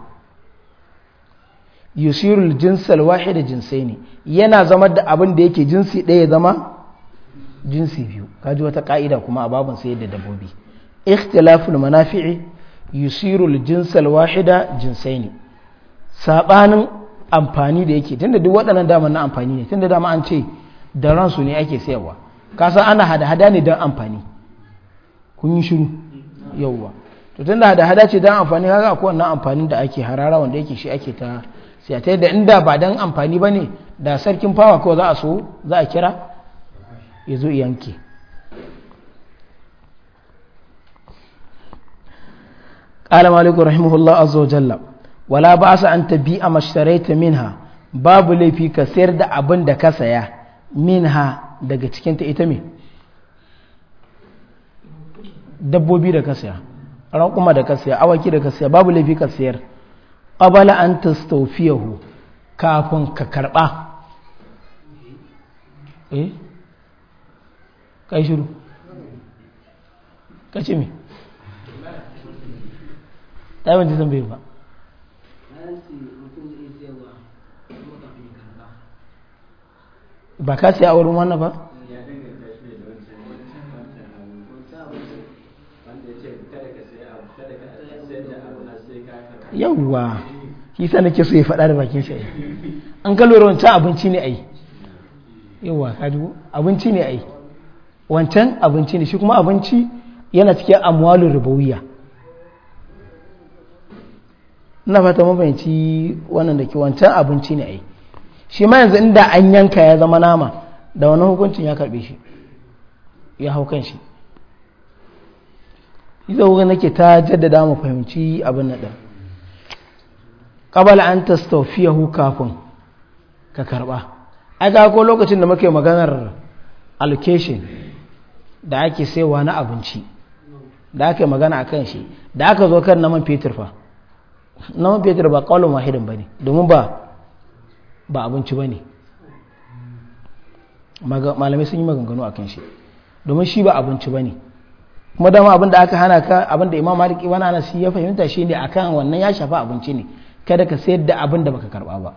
yusirul jinsa alwahid jinsaini yana zama da abin da yake jinsi ɗaya zama jinsi biyu kaji wata ka'ida kuma a babin sayar da dabbobi ikhtilaful manafi'i yusirul jinsa alwahida jinsaini sabanin amfani da yake tunda duk waɗannan daman na amfani ne tunda dama an ce da ransu ne ake sayarwa kasan ana hada-hada ne don amfani kun yi shiru yauwa to tunda hada-hada ce don amfani haka akwai wannan amfani da ake harara wanda yake shi ake ta siya ta yadda inda ba don amfani ba ne da sarkin fawa kawai za a so za a kira ya zo yanke قال مالك رحمه الله عز وجل wala ba su an tabi a mashtaraita minha babu laifi ka sayar da abin da ka saya minha daga cikinta ita me dabbobi da ka saya raƙuma da ka saya awaki da ka saya babu laifi ka sayar qabala an tastawfiyahu kafin ka karba eh kai shiru kace me ta yi zan bai ba ba ka siya a wurin wannan ba yawwa shi sa nake so ya faɗa da bakin shi an ka wancan abinci ne ai yawwa ka dubo abinci ne ai wancan abinci ne shi kuma abinci yana cikin amwalin rubawiya ina fata mabayanci wannan da ke wancan abinci ne ai shi ma yanzu inda an yanka ya zama nama da wani hukuncin ya karbe shi ya hau kan shi izo wurin nake ta jaddada mu fahimci abin nan qabala an tastawfiyahu kafin ka karba ai ga ko lokacin da muke maganar allocation da ake saiwa na abinci da ake magana kan shi da aka zo kan naman fetur fa naman fetur ba ƙaunin wahidin ne domin ba ba abinci ba ne malamai sun yi maganganu a kan shi domin shi ba abinci ba ne kuma dama abin da aka hana ka abin da imam malik ibn anas ya fahimta shi ne akan wannan ya shafa abinci ne kada ka sayar da abin da baka karba ba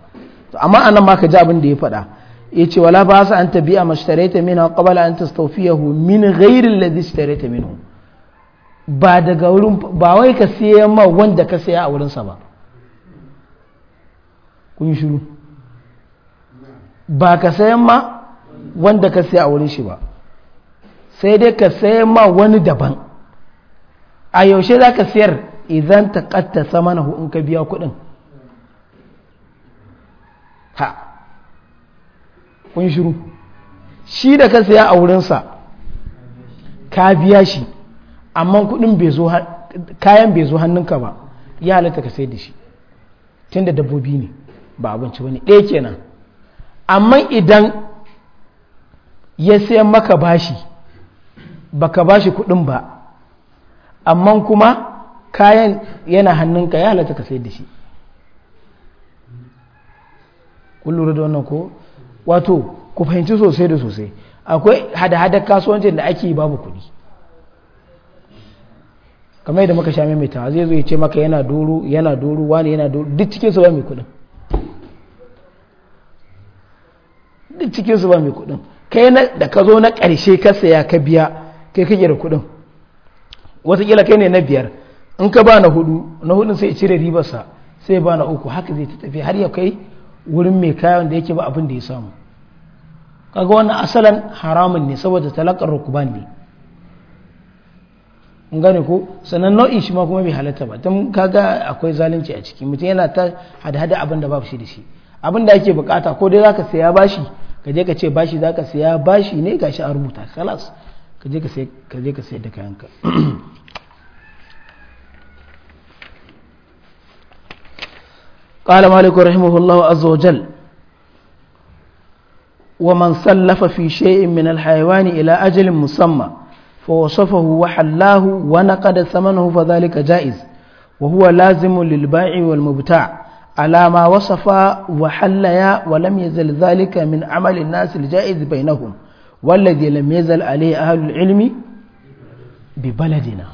amma anan ma ka ji abin da ya faɗa ya ce wala ba sa an tabi'a an tastawfiyahu min ghairi alladhi ishtaraita minhu ba daga wurin ba wai ka sayan ma wanda ka saya a wurinsa ba kun shiru ba ka sayan ma wanda ka saya a wurin shi ba sai dai ka sayan ma wani daban a yaushe za ka sayar idan ta katta sama na in ka biya kuɗin ha kun shiru shi da ka saya a wurinsa ka biya shi amma kuɗin kayan bai zo hannunka ba ya halitta ka sai da shi tun da dabbobi ne ba abinci ba ɗaya kenan amma idan ya sayan maka bashi baka bashi kudin ba amma kuma kayan yana hannunka ya halatta ka sayar da shi kun lura da wannan ko wato ku fahimci sosai da sosai akwai hada-hadar kasuwancin da ake babu kuɗi kamar yadda muka sha maimaita zai zo ya ce maka yana doro yana doro wani yana doro duk cikin su ba mai kudin duk cikin su ba mai kuɗin kai da ka zo na karshe ka saya ka biya kai kake da kuɗin kila kai ne na biyar in ka ba na hudu na hudun sai cire sa sai ba na uku haka zai ta tafi har ya kai wurin mai kayan da yake ba abin da ya samu kaga wannan asalan haramun ne saboda talakar rukuban ne in gane ko sannan nau'i shi ma kuma bai halatta ba don kaga akwai zalunci a ciki mutum yana ta hada-hada abin da ba shi da shi abin da ake bukata ko dai zaka saya bashi kaje ka ce bashi za ka siya bashi ne gashi a rubuta kalas ka ka sayar da kayanka قال مالك رحمه الله عز وجل ومن سلف في شيء من الحيوان إلى أجل مسمى فوصفه وحلاه ونقد ثمنه فذلك جائز وهو لازم للبائع والمبتاع على ما وصف وحليا ولم يزل ذلك من عمل الناس الجائز بينهم والذي لم يزل عليه أهل العلم ببلدنا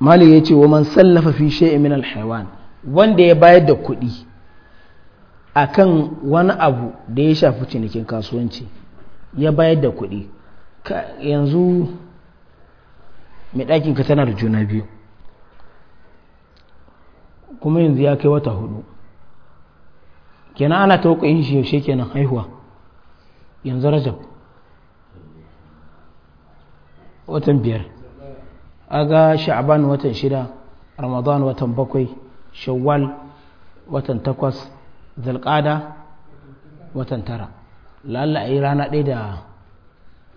mali ya ce wa man sallafa fi shay'in min alhaiwan wanda ya bayar da kuɗi akan wani abu da ya shafi cinikin kasuwanci ya bayar da kuɗi yanzu mai ɗakin ka tana da juna biyu kuma yanzu ya kai wata hudu kenan ana ta yin shi yaushe kenan haihuwa yanzu rajab watan biyar aga sha'aban watan shida ramadan watan bakwai shawwal watan takwas zalƙada watan tara lalla a yi rana ɗaya da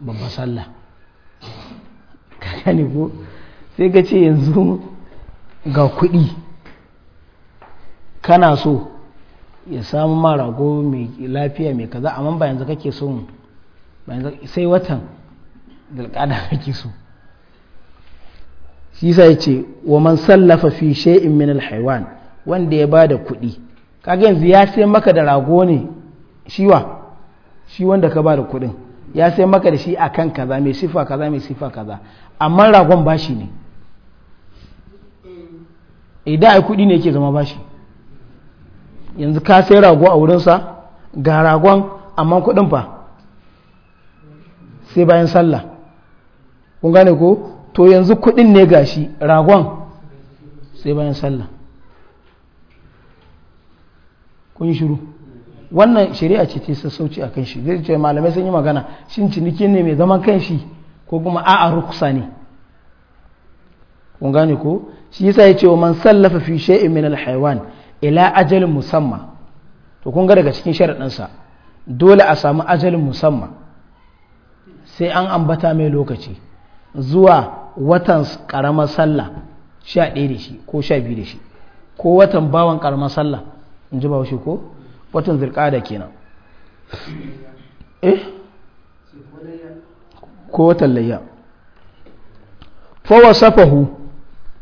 babba sallah sai ka ce yanzu ga kuɗi kana so ya samu ma rago mai lafiya mai kaza amma ba yanzu kake son sai watan dalƙada [laughs] kake so shi ya ce wa man sallafa fi shay'in min alhaywan wanda ya bada kuɗi kaga yanzu ya sai maka da rago ne shiwa shi wanda ka bada kuɗin ya sai maka da shi a kan kaza mai sifa kaza mai sifa kaza amma ragon bashi ne idan eh, a kudi ne yake zama bashi yanzu ka sai rago a wurinsa ga ragon amma kuɗin fa sai bayan sallah kun gane ko to yanzu kudin ne gashi ragon sai bayan sallah kun shiru wannan shari'a ce ta yi sassauci a kan shi zai ce malamai sun yi magana shin ciniki ne mai zaman kan shi ko kuma a'a ruksa ne kun gane ko shi yasa ya ce wa man sallafa fi shay'in min al-haywan ila ajalin musamma to kun ga daga cikin sharadin sa dole a samu ajalin musamma sai an ambata mai lokaci zuwa watan karamar sallah sha ɗaya da shi ko sha biyu da shi ko watan bawan karamar sallah in ji ba shi ko watan zulqada kenan eh ko watan layya fa wasafahu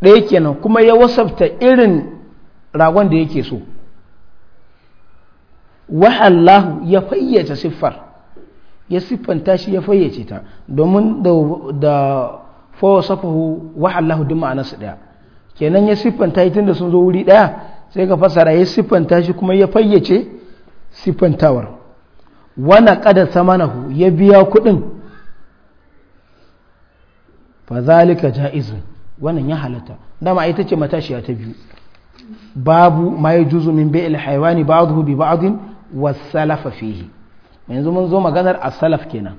ɗaya kenan kuma ya wasafta irin ragon da yake so wahallahu ya fayyace siffar ya siffanta shi ya fayyace ta domin da wa wahallahu duk su ɗaya kenan ya siffanta yi tun da sun zo wuri ɗaya sai ka fasara ya siffanta shi kuma ya fayyace siffantawar wana kada samanahu ya biya kuɗin fa zalika ja'izun wannan ya halatta dama ita ce matashiya ta biyu babu ma ya juzu min bai'il ba ba'dhu bi ba'dhin wasalafa salafa fihi yanzu mun zo maganar asalaf salaf kenan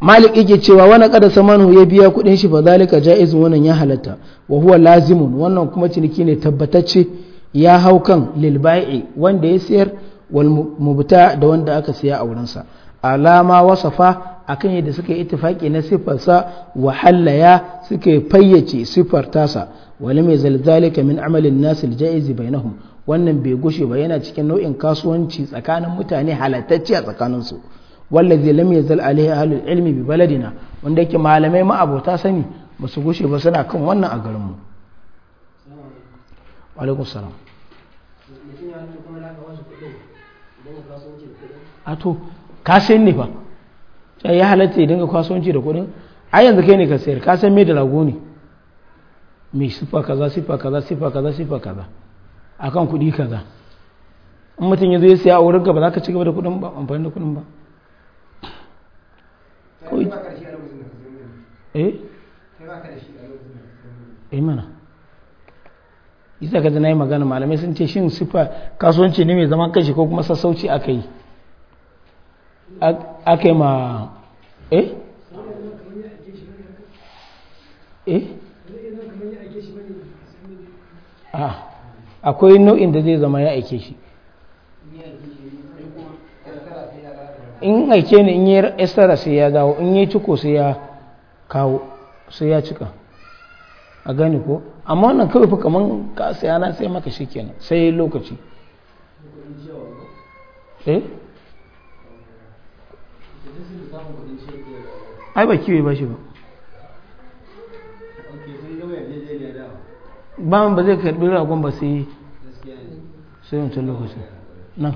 malik yake cewa wani kada samanu ya biya kudin shi fa zalika ja'izun wannan ya halatta wa huwa lazimun wannan kuma ciniki ne tabbatacce ya hau kan lilbai'i wanda ya sayar wal mubta da wanda aka siya a wurinsa alama wasafa akan yadda suka yi itifaki na sifarsa wa hallaya suka fayyace sifar tasa wani mai zalzalika min amalin nasil ja'izi bainahum wannan bai gushe ba yana cikin nau'in kasuwanci tsakanin mutane halattacce a tsakanin su wallazi lam yazal alaihi ahlul ilmi bi baladina wanda yake malamai ma abota sani ba gushe ba suna kan wannan a garinmu alaikun salam a to ka sayan ne fa ya yi halatta idan ka kwasonci da kudin a yanzu kai ne ka sayar ka san mai da lagu ne mai sifa kaza sifa kaza sifa kaza sifa kaza akan kudi kaza in mutum yanzu ya saya a wurin gaba za ka ci gaba da kudin ba amfani da kudin ba kawai eh ba ka da shi a yau eh? eh mana isa ka na yi magana malamai sun ce shin sifa kasuwanci ne mai zaman kashi ko kuma sassauci aka yi aka yi ma eh eh akwai nau'in da zai zama ya aike shi
in aike ne in
yi estara sai ya dawo in yi ciko sai ya kawo sai ya cika a gani ko amma wannan kawai fa kaman ka saya na sai maka shikenan sai lokaci eh ai ba kiwe ba shi ba ba ba zai karbi ragon ba sai sai wancan lokacin nan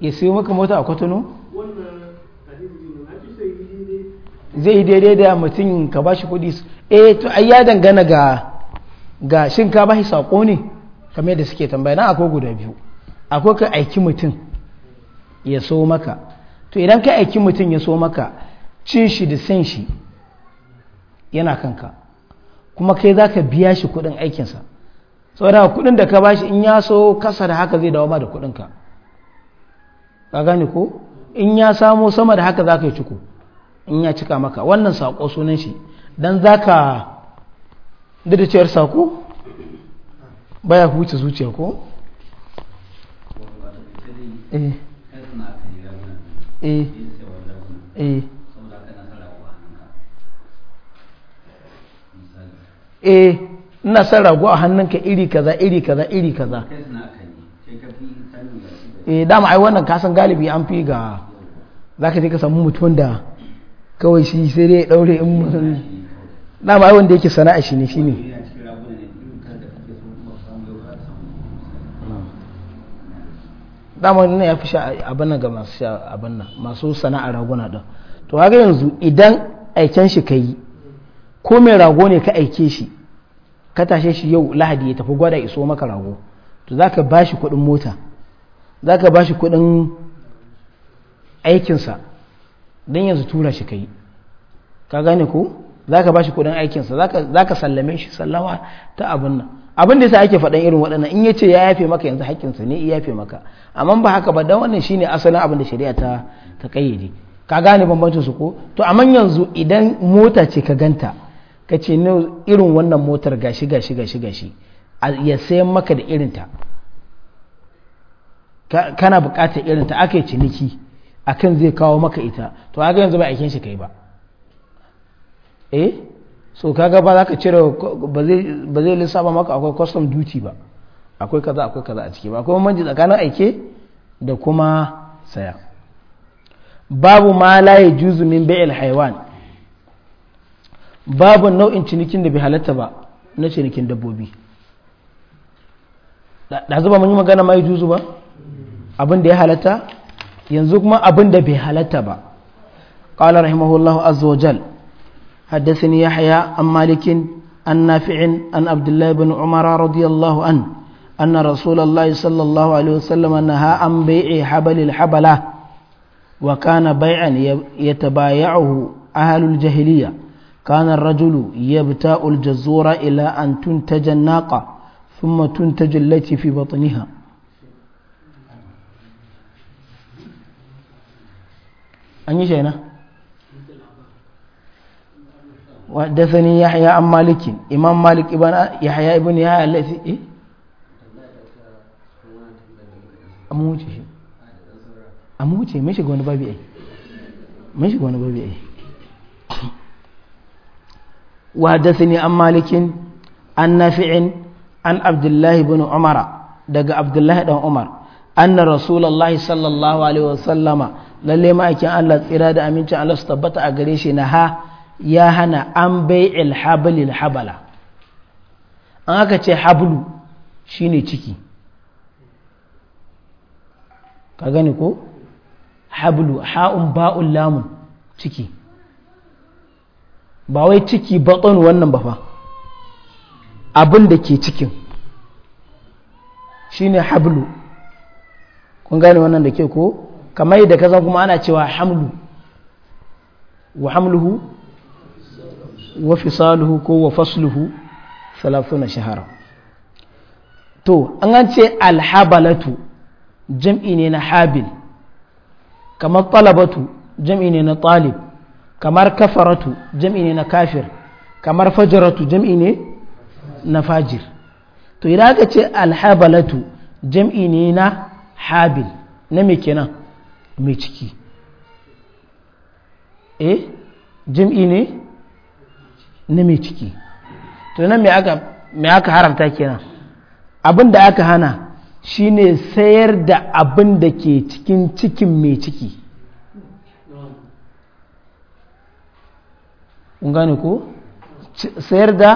ya siyo maka mota a kwatano? zai yi daidai da mutum ka ba shi kuɗi eh to ai ya dangana ga ga shin ka ba shi sako ne kamar yadda suke tambaya na akwai guda biyu akwai ka aiki mutum ya so maka to idan ka aiki mutum ya so maka cin shi da san shi yana kanka kuma kai za ka biya shi kuɗin aikinsa
saboda kuɗin da ka
ba shi in ya so kasa da haka zai dawo ma da kuɗinka ka gani ko in ya samo sama da haka za ka yi cuku. in ya cika maka wannan sako sunan shi dan zaka da cewar sako baya huce zuciya ko eh eh eh eh ina san rago a hannunka iri kaza iri kaza iri kaza eh dama ai wannan kasan galibi an fi ga za ka je ka samu mutum da kawai shi sai dai ɗaure in mutum na ai wanda yake sana'a shi ne shine dama ne ya fi sha abin ga masu sha abin masu sana'a raguna ɗan to haka yanzu idan aiken shi ka yi ko mai rago ne ka aike shi ka tashe shi yau lahadi ya tafi gwada iso maka rago to za ka ba shi kuɗin mota za ka ba shi kuɗin aikinsa don yanzu tura shi kai ka gane ko za ka ba shi kudin aikinsa za ka sallame shi sallawa ta abin nan abin da sa ake faɗan irin waɗannan in ya ce ya yafe maka yanzu haƙƙinsa ne ya yafe maka amma ba haka ba don wannan shine asalin abin da shari'a ta ta kayyade ka gane bambancin su ko to amma yanzu idan mota ce ka ganta ka ce irin wannan motar gashi gashi gashi gashi ya sayan maka da irinta kana buƙatar irinta aka yi ciniki akan zai kawo maka ita to aga yanzu ba aikin shi kai ba eh so kaga ba zaka cire ba zai lissafa maka akwai custom duty ba akwai kaza akwai kaza a ciki ba akwai manji tsakanin aike da kuma saya babu ma la yajuzu min bai'il haywan babu nau'in cinikin da bai halatta ba na cinikin dabbobi da zuba mun yi magana mai juzu ba abin da ya halatta yanzu kuma abin da bai halatta ba ƙala rahimahullahu azza wajal ya haya an malikin an nafi'in an abdullah bin umara radiyallahu an anna rasulullahi sallallahu alaihi wasallam naha an bai'i habalil habala wa kana bai'an yatabayahu ahlul jahiliya كان الرجل يبتاء الجزور إلى أن تنتج الناقة ثم تنتج التي في بطنها an yi shaina وحدثني يحيى عن مالك امام مالك ابن يحيى ya haya الذي ايه amuce shi amuce mai shiga wani babi ai mai shiga wani babi ai wadda sani an malikin an nafi'in an abdullahi bin umara daga abdullahi dan umar anna rasulullahi sallallahu alaihi wasallama lalle ma'aikin Allah tsira da amincin Allah su tabbata a gare shi na ha ya hana an bai ilhabalil habala an aka ce hablu shine ciki ka gani ko hablu ha'un ba'un lamun ciki ba wai ciki baton wannan ba fa abin da ke cikin shine hablu kun gane wannan da ke ko kamar yadda ka san kuma ana cewa hamlu wa hamluhu wa fisaluhu ko wa fasluhu salafu na shahara to an an ce alhabalatu jam'i ne na habil kamar talabatu jam'i ne na talib kamar kafaratu jam'i ne na kafir kamar fajaratu jam'i ne na fajir to idan aka ce alhabalatu jam'i ne na habil na mai kenan mai ciki eh jim'i ne na mai ciki to nan me aka me aka haramta kenan abin da aka hana shine sayar da abin da ke cikin cikin mai ciki kun gane ko sayar da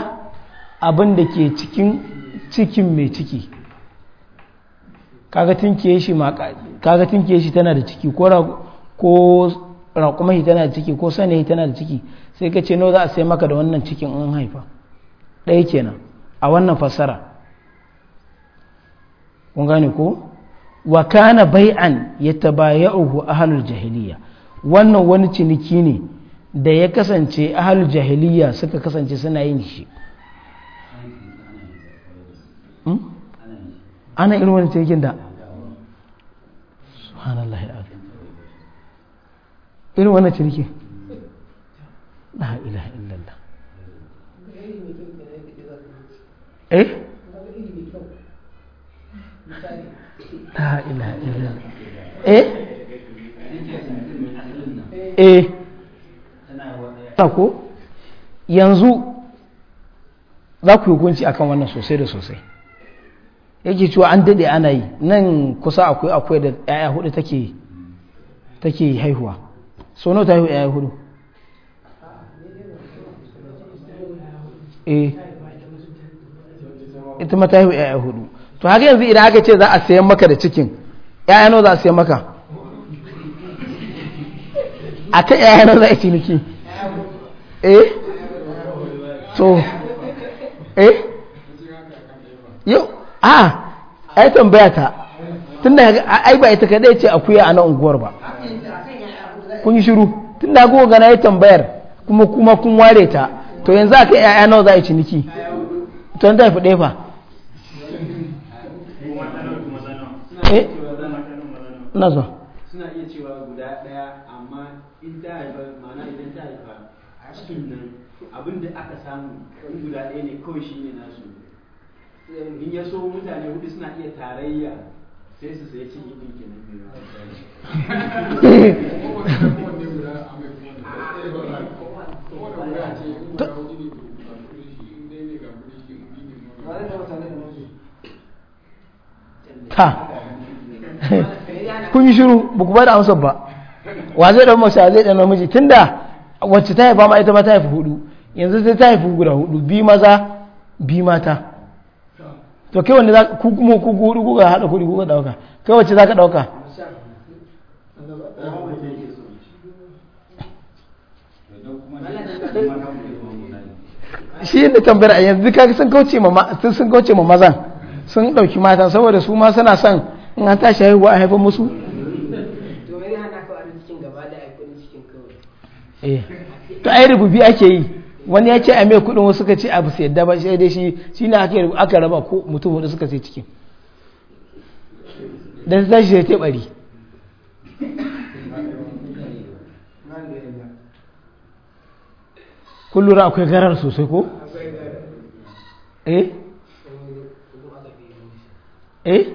abin da ke cikin cikin mai ciki kaga tinkiye shi ma shi tana da ciki ko ko tana da ciki ko saniya tana da ciki sai ka ce no za a sai maka da wannan cikin an haifa ɗaya kenan a wannan fassara kun gane ko wa kana bai'an a ahlul jahiliya wannan wani ciniki ne da ya kasance ahlul jahiliya suka kasance suna yin shi hmm? ana irin wani cinikin da subhanallah al'azim irin wani cinikin la ila illallah eh ta ila illallah eh eh ko yanzu za ku yi gunci akan wannan sosai da sosai yake cewa an daɗe ana yi nan kusa akwai akwai da 'ya'ya hudu take take haihuwa so nawa ta haihu 'ya'ya hudu eh ita ma ta haihu 'ya'ya hudu to haka yanzu idan aka ce za a sayan maka da cikin 'ya'ya nawa za a sayan maka
a ta 'ya'ya nawa za a
ciniki eh to eh yau a ai tambaya ta tunda ai ba ita kadai ce akuya a na unguwar ba kun yi shiru tunda ko gana ya tambayar kuma kuma kun ware ta to yanzu aka yi ayyana nawa za a yi ciniki to yanzu ya fi ɗaya fa eh? suna iya cewa guda ɗaya amma in ta haifa ma'ana idan ta haifa cikin nan abin da aka samu guda ɗaya ne kawai shi ne nasu in ya so mutane hudu suna iya tarayya sai su sai cin idin kenan ta kun yi shiru ba ku ba da amsar ba wa zai ɗan mace zai ɗan namiji tunda wacce ta haifa ma ita ma ta haifi hudu yanzu sai ta haifi guda hudu bi maza bi mata to kai wanda ku kuma ku hudu kuka haɗa kuɗi kuka ɗauka kai wacce za ka ɗauka shi ne tambayar a yanzu kaga sun kauce ma sun kauce ma mazan sun ɗauki mata saboda su ma suna son in an tashi haihuwa a haifar musu to eh. ai rububi ake yi wani ya ce a mai kudin wasu suka ce abu sai yadda ba sai da shi shi ne aka raba ko mutum hudu suka sai cikin dan sai shi ta bari kun akwai garar sosai ko eh eh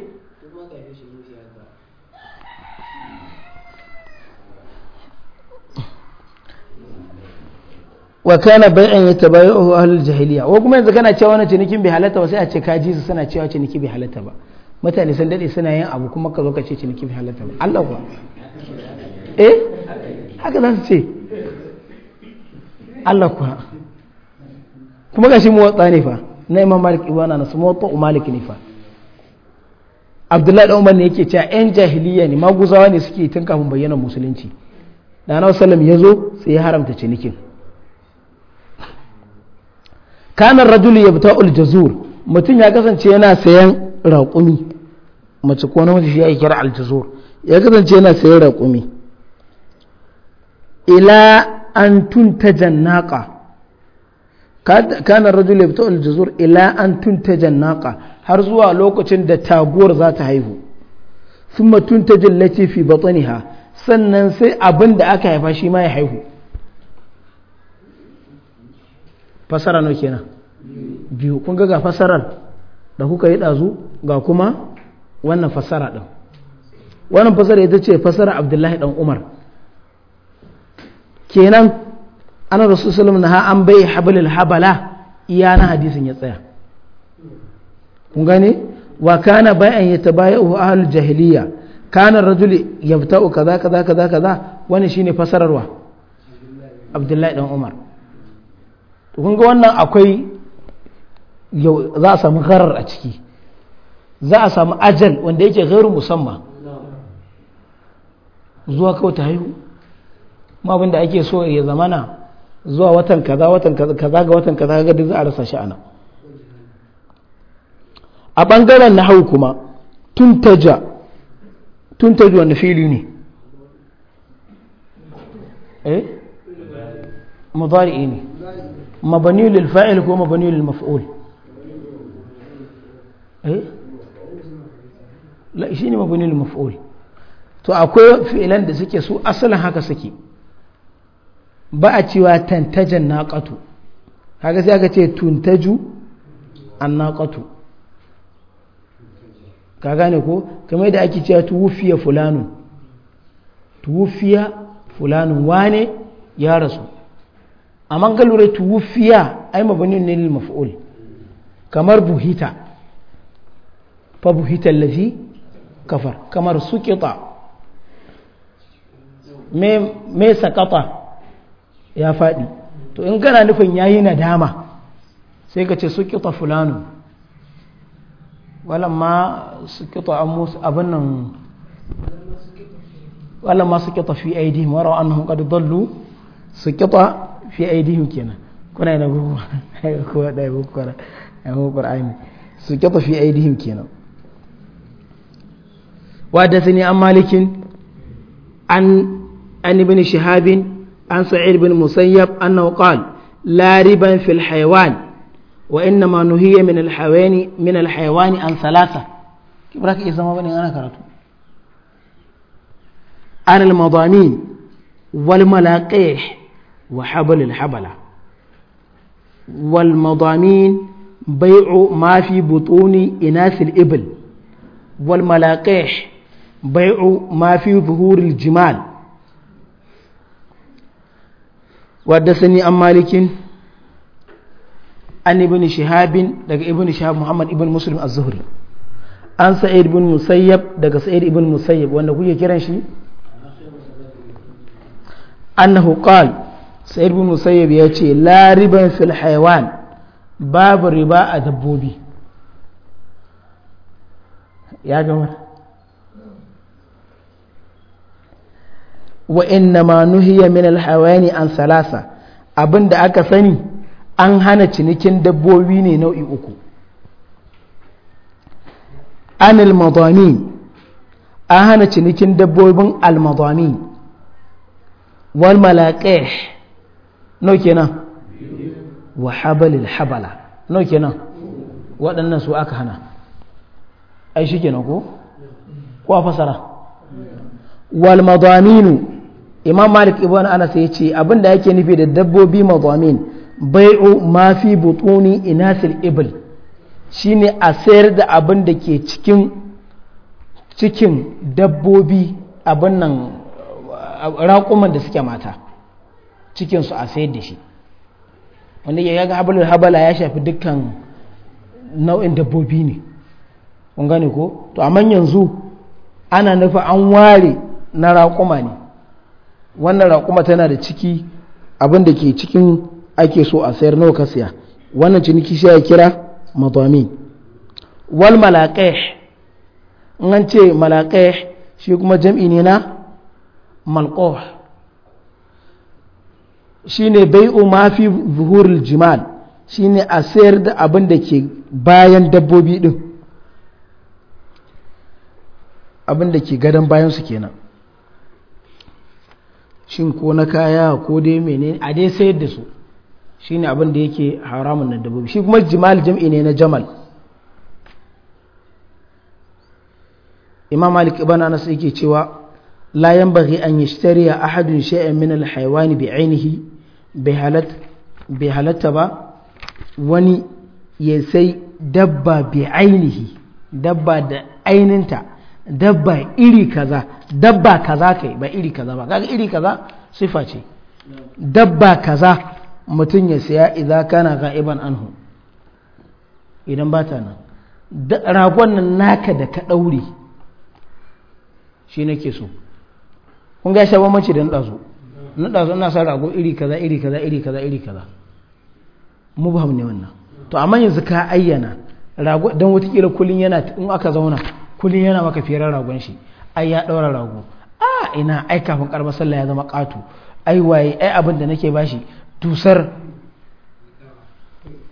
wa kana bai'an yatabayya'uhu ahlul jahiliya wa kuma yanzu kana cewa wani cinikin bai halatta ba sai a ce ka ji su suna cewa ciniki bai halatta ba mutane sun dade suna yin abu kuma ka zo ka ce ciniki bai halatta ba Allah kuwa eh haka za su ce Allah kuwa kuma gashi mu watsa ne fa na Imam Malik ibana na su mawta Malik ne fa Abdullahi da Umar ne yake cewa yan jahiliya ne maguzawa ne suke tun kafin bayyana musulunci da na wasallam ya zo sai ya haramta cinikin kanar rajulu ya fita aljazur mutum ya kasance yana sayan raƙumi mace ko namiji shi ya kira aljazur ya kasance yana sayan raƙumi ila an tuntaja naqa kanar rajulu ya bita aljazur ila an tuntaja naqa har zuwa lokacin da taguwar za ta haihu sun matun ta jallace fi batsaniha sannan sai abin da aka haifa shi ma ya haihu fasara no kenan biyu kun ga fasarar da kuka yi ɗazu ga kuma wannan fasara ɗin wannan fasara ita ce fasara abdullahi ɗan umar kenan ana rasu salim na ha an bai habalil habala iya na hadisin ya tsaya kun gane wa kana bayan ya tabaya'u halu jahiliya kana rajuli yabta'u kaza kaza kaza kaza wani shine fasararwa abdullahi ɗan umar kun ga wannan akwai za a samu gharar a ciki za a samu ajal wanda yake gharu musamman zuwa kawai ta haihu ma abinda ake so ya zamana zuwa watan kaza watan kaza ga watan kaza ga duk za a rasa shi ana a bangaren na hau kuma tuntaja tuntaja wani fili ne eh mudari'i ne mabani lil fa'il ko mabani lil maf'ul eh la shine mabani lil maf'ul to akwai fi'ilan da suke su asalin haka suke ba a cewa tantajan naqatu haka sai aka ce tuntaju an naqatu ka gane ko kamar da ake cewa tuwufiya fulanun tuwufiya fulanun wane ya rasu amma ga lura tuwufiya ai mabani ne lil maf'ul kamar buhita fa buhita allazi kafar kamar suqita me me sakata ya fadi to in kana nufin yayi nadama sai ka ce suqita fulanu walamma suqita amus abin nan walamma suqita fi aidihim wa ra'anhum qad dallu suqita في أيديهم كنا كنا yana gugu أنا da أنا kwara yabo qur'ani su kafa fi وحدثني عن مالك عن عن ابن شهاب عن سعيد بن مسيب أنه قال لا ربا في الحيوان وإنما نهي من الحيوان من الحيوان عن ثلاثة رأيك إذا ما بني أنا كرتو عن المضامين والملاقيح وحبل الحبلة والمضامين بيع ما في بطون إناث الإبل والملاقيح بيع ما في ظهور الجمال وحدثني عن مالك عن ابن شهاب دق ابن شهاب محمد ابن مسلم الزهري عن سعيد بن مسيب دق سعيد بن مسيب وانا كوي كيران شي أنه قال sa'id bin musayyib ya ce la riban fil haiwan babu riba a dabbobi ya gama wa inna ma nuhiya min al hawani an salasa abinda aka sani an hana cinikin dabbobi ne nau'i uku an al an hana cinikin dabbobin al madamin wal malaqih no kenan wa habalil habala no kenan waɗannan su aka hana ai shi kenan ko ko fasara wal madaminu imam malik ibn anas ya ce abinda yake nufi da dabbobi madamin bai'u ma fi butuni inasil ibil shine a sayar da abin da ke cikin cikin dabbobi abin nan raƙuman da suke mata cikin su a sayar da shi wanda ya ga habalin habala ya shafi dukkan nau'in dabbobi ne kun gane ko to amma yanzu ana nufa an ware na raƙuma ne wannan raƙuma tana da ciki abin da ke cikin ake so a sayar nawa ka siya wannan ciniki sai ya kira madamin wal malaqih in an ce malaqih shi kuma jam'i ne na malqah shine bai'u ma fi zuhurul jimal shine a sayar da abin da ke bayan dabbobi din abin da ke gadon bayan su kenan shin ko na kaya ko dai menene a dai sayar da su shine abin da yake haramun na dabbobi shi kuma jimal jam'i ne na jamal imam malik ibn anas yake cewa la yanbaghi an yashtariya ahadun shay'an min al-haywani ainihi. bai halatta ba wani ya sai dabba bi ainihi dabba da aininta dabba iri kaza dabba kaza kai ba iri kaza ba kaga iri kaza sifa ce dabba kaza mutum ya saya idan kana ga'iban anhu idan ba ta nan ragon nan naka da ka ɗaure shi nake so kun ga shi mace da ɗazu na ɗazu ina sa rago iri kaza iri kaza iri kaza iri kaza mubham ne wannan to amma yanzu ka ayyana rago don watakila kullum yana in aka zauna kullum yana maka firar ragon shi ai ya ɗaura rago a ina ai kafin karbar sallah ya zama ƙato ai waye ai abin da nake bashi dusar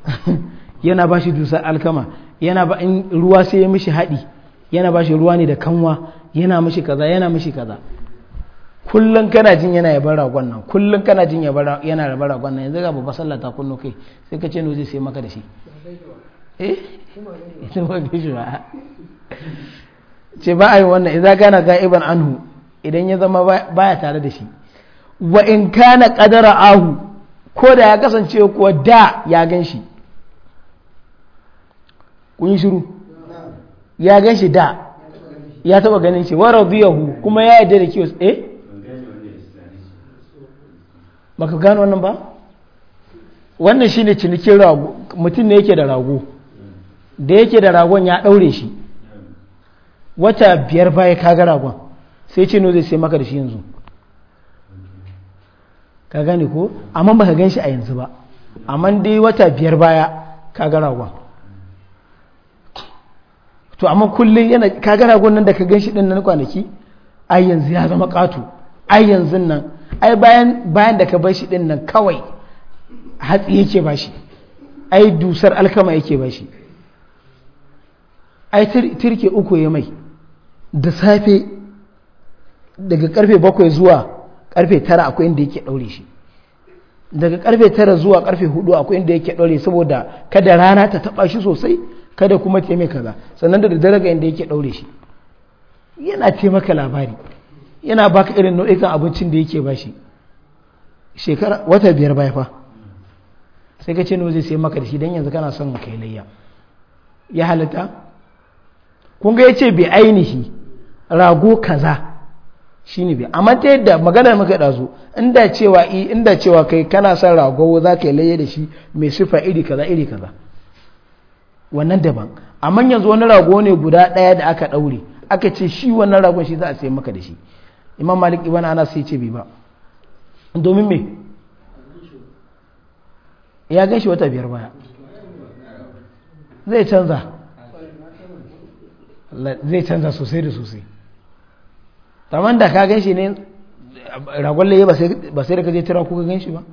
[laughs] yana bashi dusar alkama yana ba in ruwa sai ya mishi haɗi yana bashi ruwa ne da kanwa yana mishi kaza yana mishi kaza kullum kana jin yana yaban ragon nan kullum kana jin yana yaban ragon nan yanzu ga babba sallah ta kunno kai sai ka ce no zai sai maka da shi eh ina ba shi ba ce ba ai wannan idan kana ibn anhu idan ya zama baya tare da shi wa in kana qadara ahu ko da ya kasance kuwa da ya gan shi kun yi shiru ya gan shi da ya taba ganin shi wa radiyahu kuma ya yarda da kiyo eh baka gano wannan ba wannan shine cinikin rago mutum ne yake da rago da yake da ragon ya daure shi wata biyar baya kaga ragon sai cino zai sai maka da shi yanzu ka gane ko amma baka gan shi a yanzu ba amma dai wata biyar baya kaga ragon to amma kullum yana kaga ragon nan da ka gan shi din nan kwanaki ai yanzu ya zama katu ai yanzu nan ai bayan bayan da ka bar shi din nan kawai hatsi yake ba shi ai dusar alkama yake ba shi ai tirke uku ya mai da safe daga karfe bakwai zuwa karfe tara akwai inda yake daure shi daga karfe tara zuwa karfe hudu akwai inda yake ɗaure saboda kada rana ta taba shi sosai kada kuma taimaka kaza sannan da daddare ga inda yake ɗaure shi yana taimaka labari yana baka irin nau'ikan abincin da yake bashi shekara wata biyar bai fa sai ka ce no zai sai maka da shi don yanzu kana son kai layya ya halitta kun ga yace bi ainihi rago kaza ne bai amma ta yadda maganar maka dazu inda cewa i inda cewa kai kana son rago za ka layya da shi mai sifa iri kaza iri kaza wannan daban amma yanzu wani rago ne guda ɗaya da aka ɗaure, aka ce shi wannan ragon shi za a sai maka da shi imam malik ibn anas sai ce bai ba domin me ya gaishe wata biyar baya
zai canza
zai canza sosai da sosai taman da ka ganshi ne ragon laye ba sai da ka je tira ko ka ganshi ba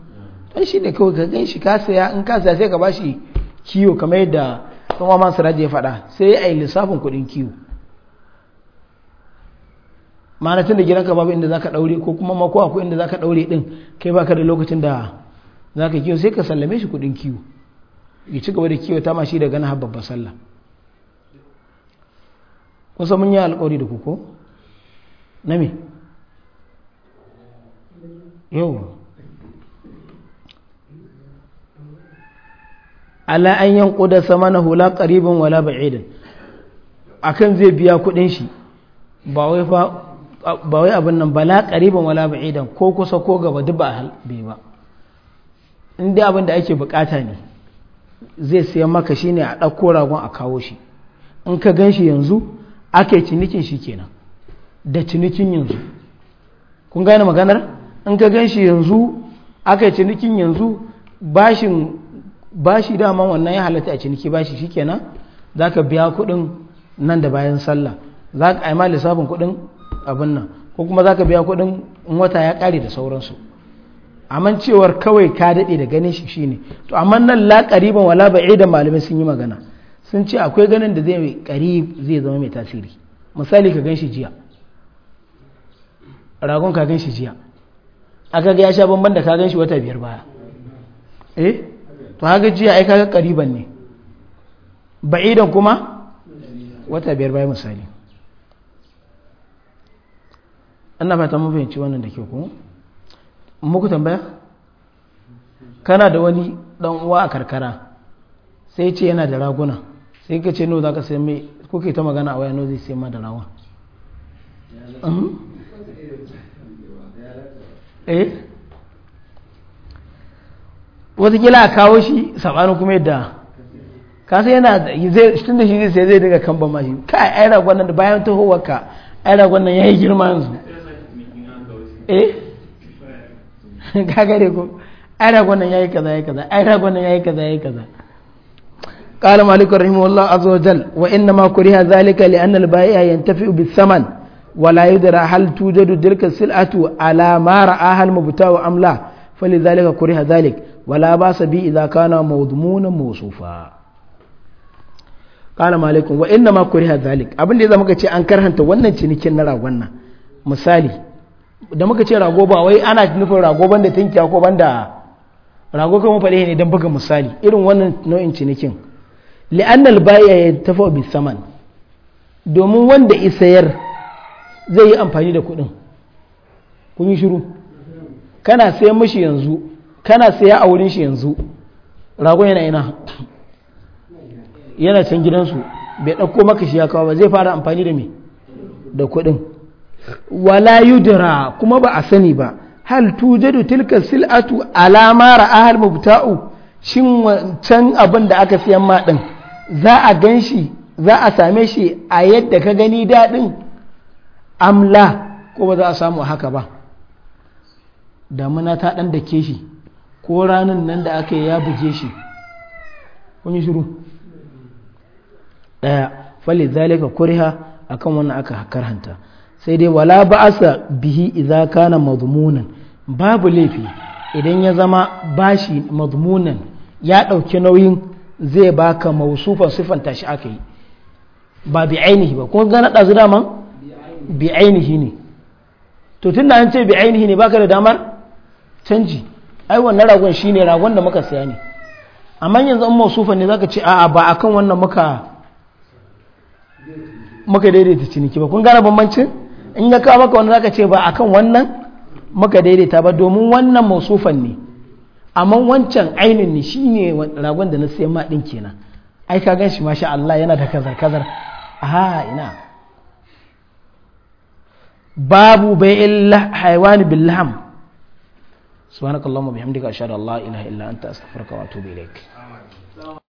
don shi ne kawai ka ganshi ka saya in ka saya sai ka bashi kiwo kamar yadda kuma man siraji ya faɗa sai a yi lissafin kuɗin kiwo ma'ana tun da gidanka babu inda zaka daure ko kuma ma ko akwai inda zaka daure din kai baka da lokacin da zaka kiwo sai ka sallame shi kudin kiwo ya ci gaba da kiwo ta mashi daga na babbar sallah kusa mun yi alƙawari da ku ko na me yau ala an yankuda sama na hula ƙaribin wala ba'idin akan zai biya kudin shi ba wai fa ba wai abin nan bala ƙariban wala ba'idan ko kusa ko gaba duk ba halbe ba in dai abin da ake bukata ne zai sayan maka shi ne a ɗauko ragon a kawo shi in ka gan shi yanzu ake cinikin shi kenan da cinikin yanzu kun gane maganar in ka gan shi yanzu aka cinikin yanzu bashin bashi dama wannan ya halatta a ciniki bashi shikenan za ka biya kuɗin nan da bayan sallah za ka aima lissafin kuɗin abin nan ko kuma za ka biya kuɗin wata ya ƙare da sauransu amma cewar kawai ka daɗe da ganin shi shine to amma nan la ƙariban wala ba'i da malamai sun yi magana sun ce akwai ganin da zai ƙarib zai zama mai tasiri misali ka gan shi jiya ragon ka gan shi jiya aka ga ya sha bamban da ka gan shi wata biyar baya eh to haka jiya ai kaga ƙariban ne ba'idan kuma wata biyar baya misali ina fata mun fahimci wannan da ke ku muku tambaya kana da wani dan uwa a karkara sai ce yana da raguna sai ka ce no za ka sai mai kuke ta magana a waya no zai sai ma da rawa mhm. eh gila a kawo shi sabanin kuma yadda sai yana zai tun da shi zai sai zai daga kan ban mashi kai ai ragon nan da bayan tahowarka ai ragon nan yi girma yanzu eh gagare ko ai ragon nan yayi kaza yayi kaza ai ragon nan yayi kaza yayi kaza قال مالك رحمه الله عز وجل وإنما كره ذلك لأن البائع ينتفع بالثمن ولا يدرى هل توجد تلك السلعة على ما رآها المبتاع أم لا فلذلك كره ذلك ولا بأس به إذا كان مضمونا موصوفا قال مالك وإنما كره ذلك أبن إذا ما قلت أنكرها أنت وانا تنكي نرى وانا مثالي da muka ce rago ba wai ana nufin rago banda tinkiya ko banda rago kai mun fadi ne dan buga misali irin wannan nau'in cinikin li'annal baya ya tafi bi saman domin wanda isayar zai yi amfani da kuɗin kun yi shiru kana sayan mishi yanzu kana saya a wurin shi yanzu rago yana ina yana can gidansu bai ɗauko maka shi ya kawo ba zai fara amfani da me da kuɗin wala yudra kuma ba a sani ba hal tujadu tilka sil'atu alama hal mubta'u shin wancan abin da aka siyan ma din za a ganshi za a same shi a yadda ka gani daɗin amla ko ba za a samu haka ba damuna ta ɗan da ke shi ko ranar nan da aka yi ya buje shi kun yi shiru ɗaya fali zalika kuriha akan wannan aka karhanta sai dai wala ba'asa bihi idza kana madmunan babu laifi idan ya zama bashi madmunan ya ɗauki nauyin zai baka mausufan sifanta shi aka yi ba bi ainihi ba kuma gana ɗazu daman bi ainihi ne to tun da an ce bi ainihi ne baka da damar canji ai wannan ragon shi ragon da muka saya ne amma yanzu an mausufan ne zaka ce a'a ba akan wannan muka muka daidaita ciniki ba kun gane bambancin in ya kawo maka wani zaka ce ba a kan wannan maka daidaita ba domin wannan masufan ne amma wancan ainihin ne shine ragon da na sayan ma kenan ai ka gan shi masha Allah yana da kazar kazar aha ina babu bai'il haywani bil lahm subhanakallahumma bihamdika ashhadu an la ilaha illa anta astaghfiruka wa atubu ilaik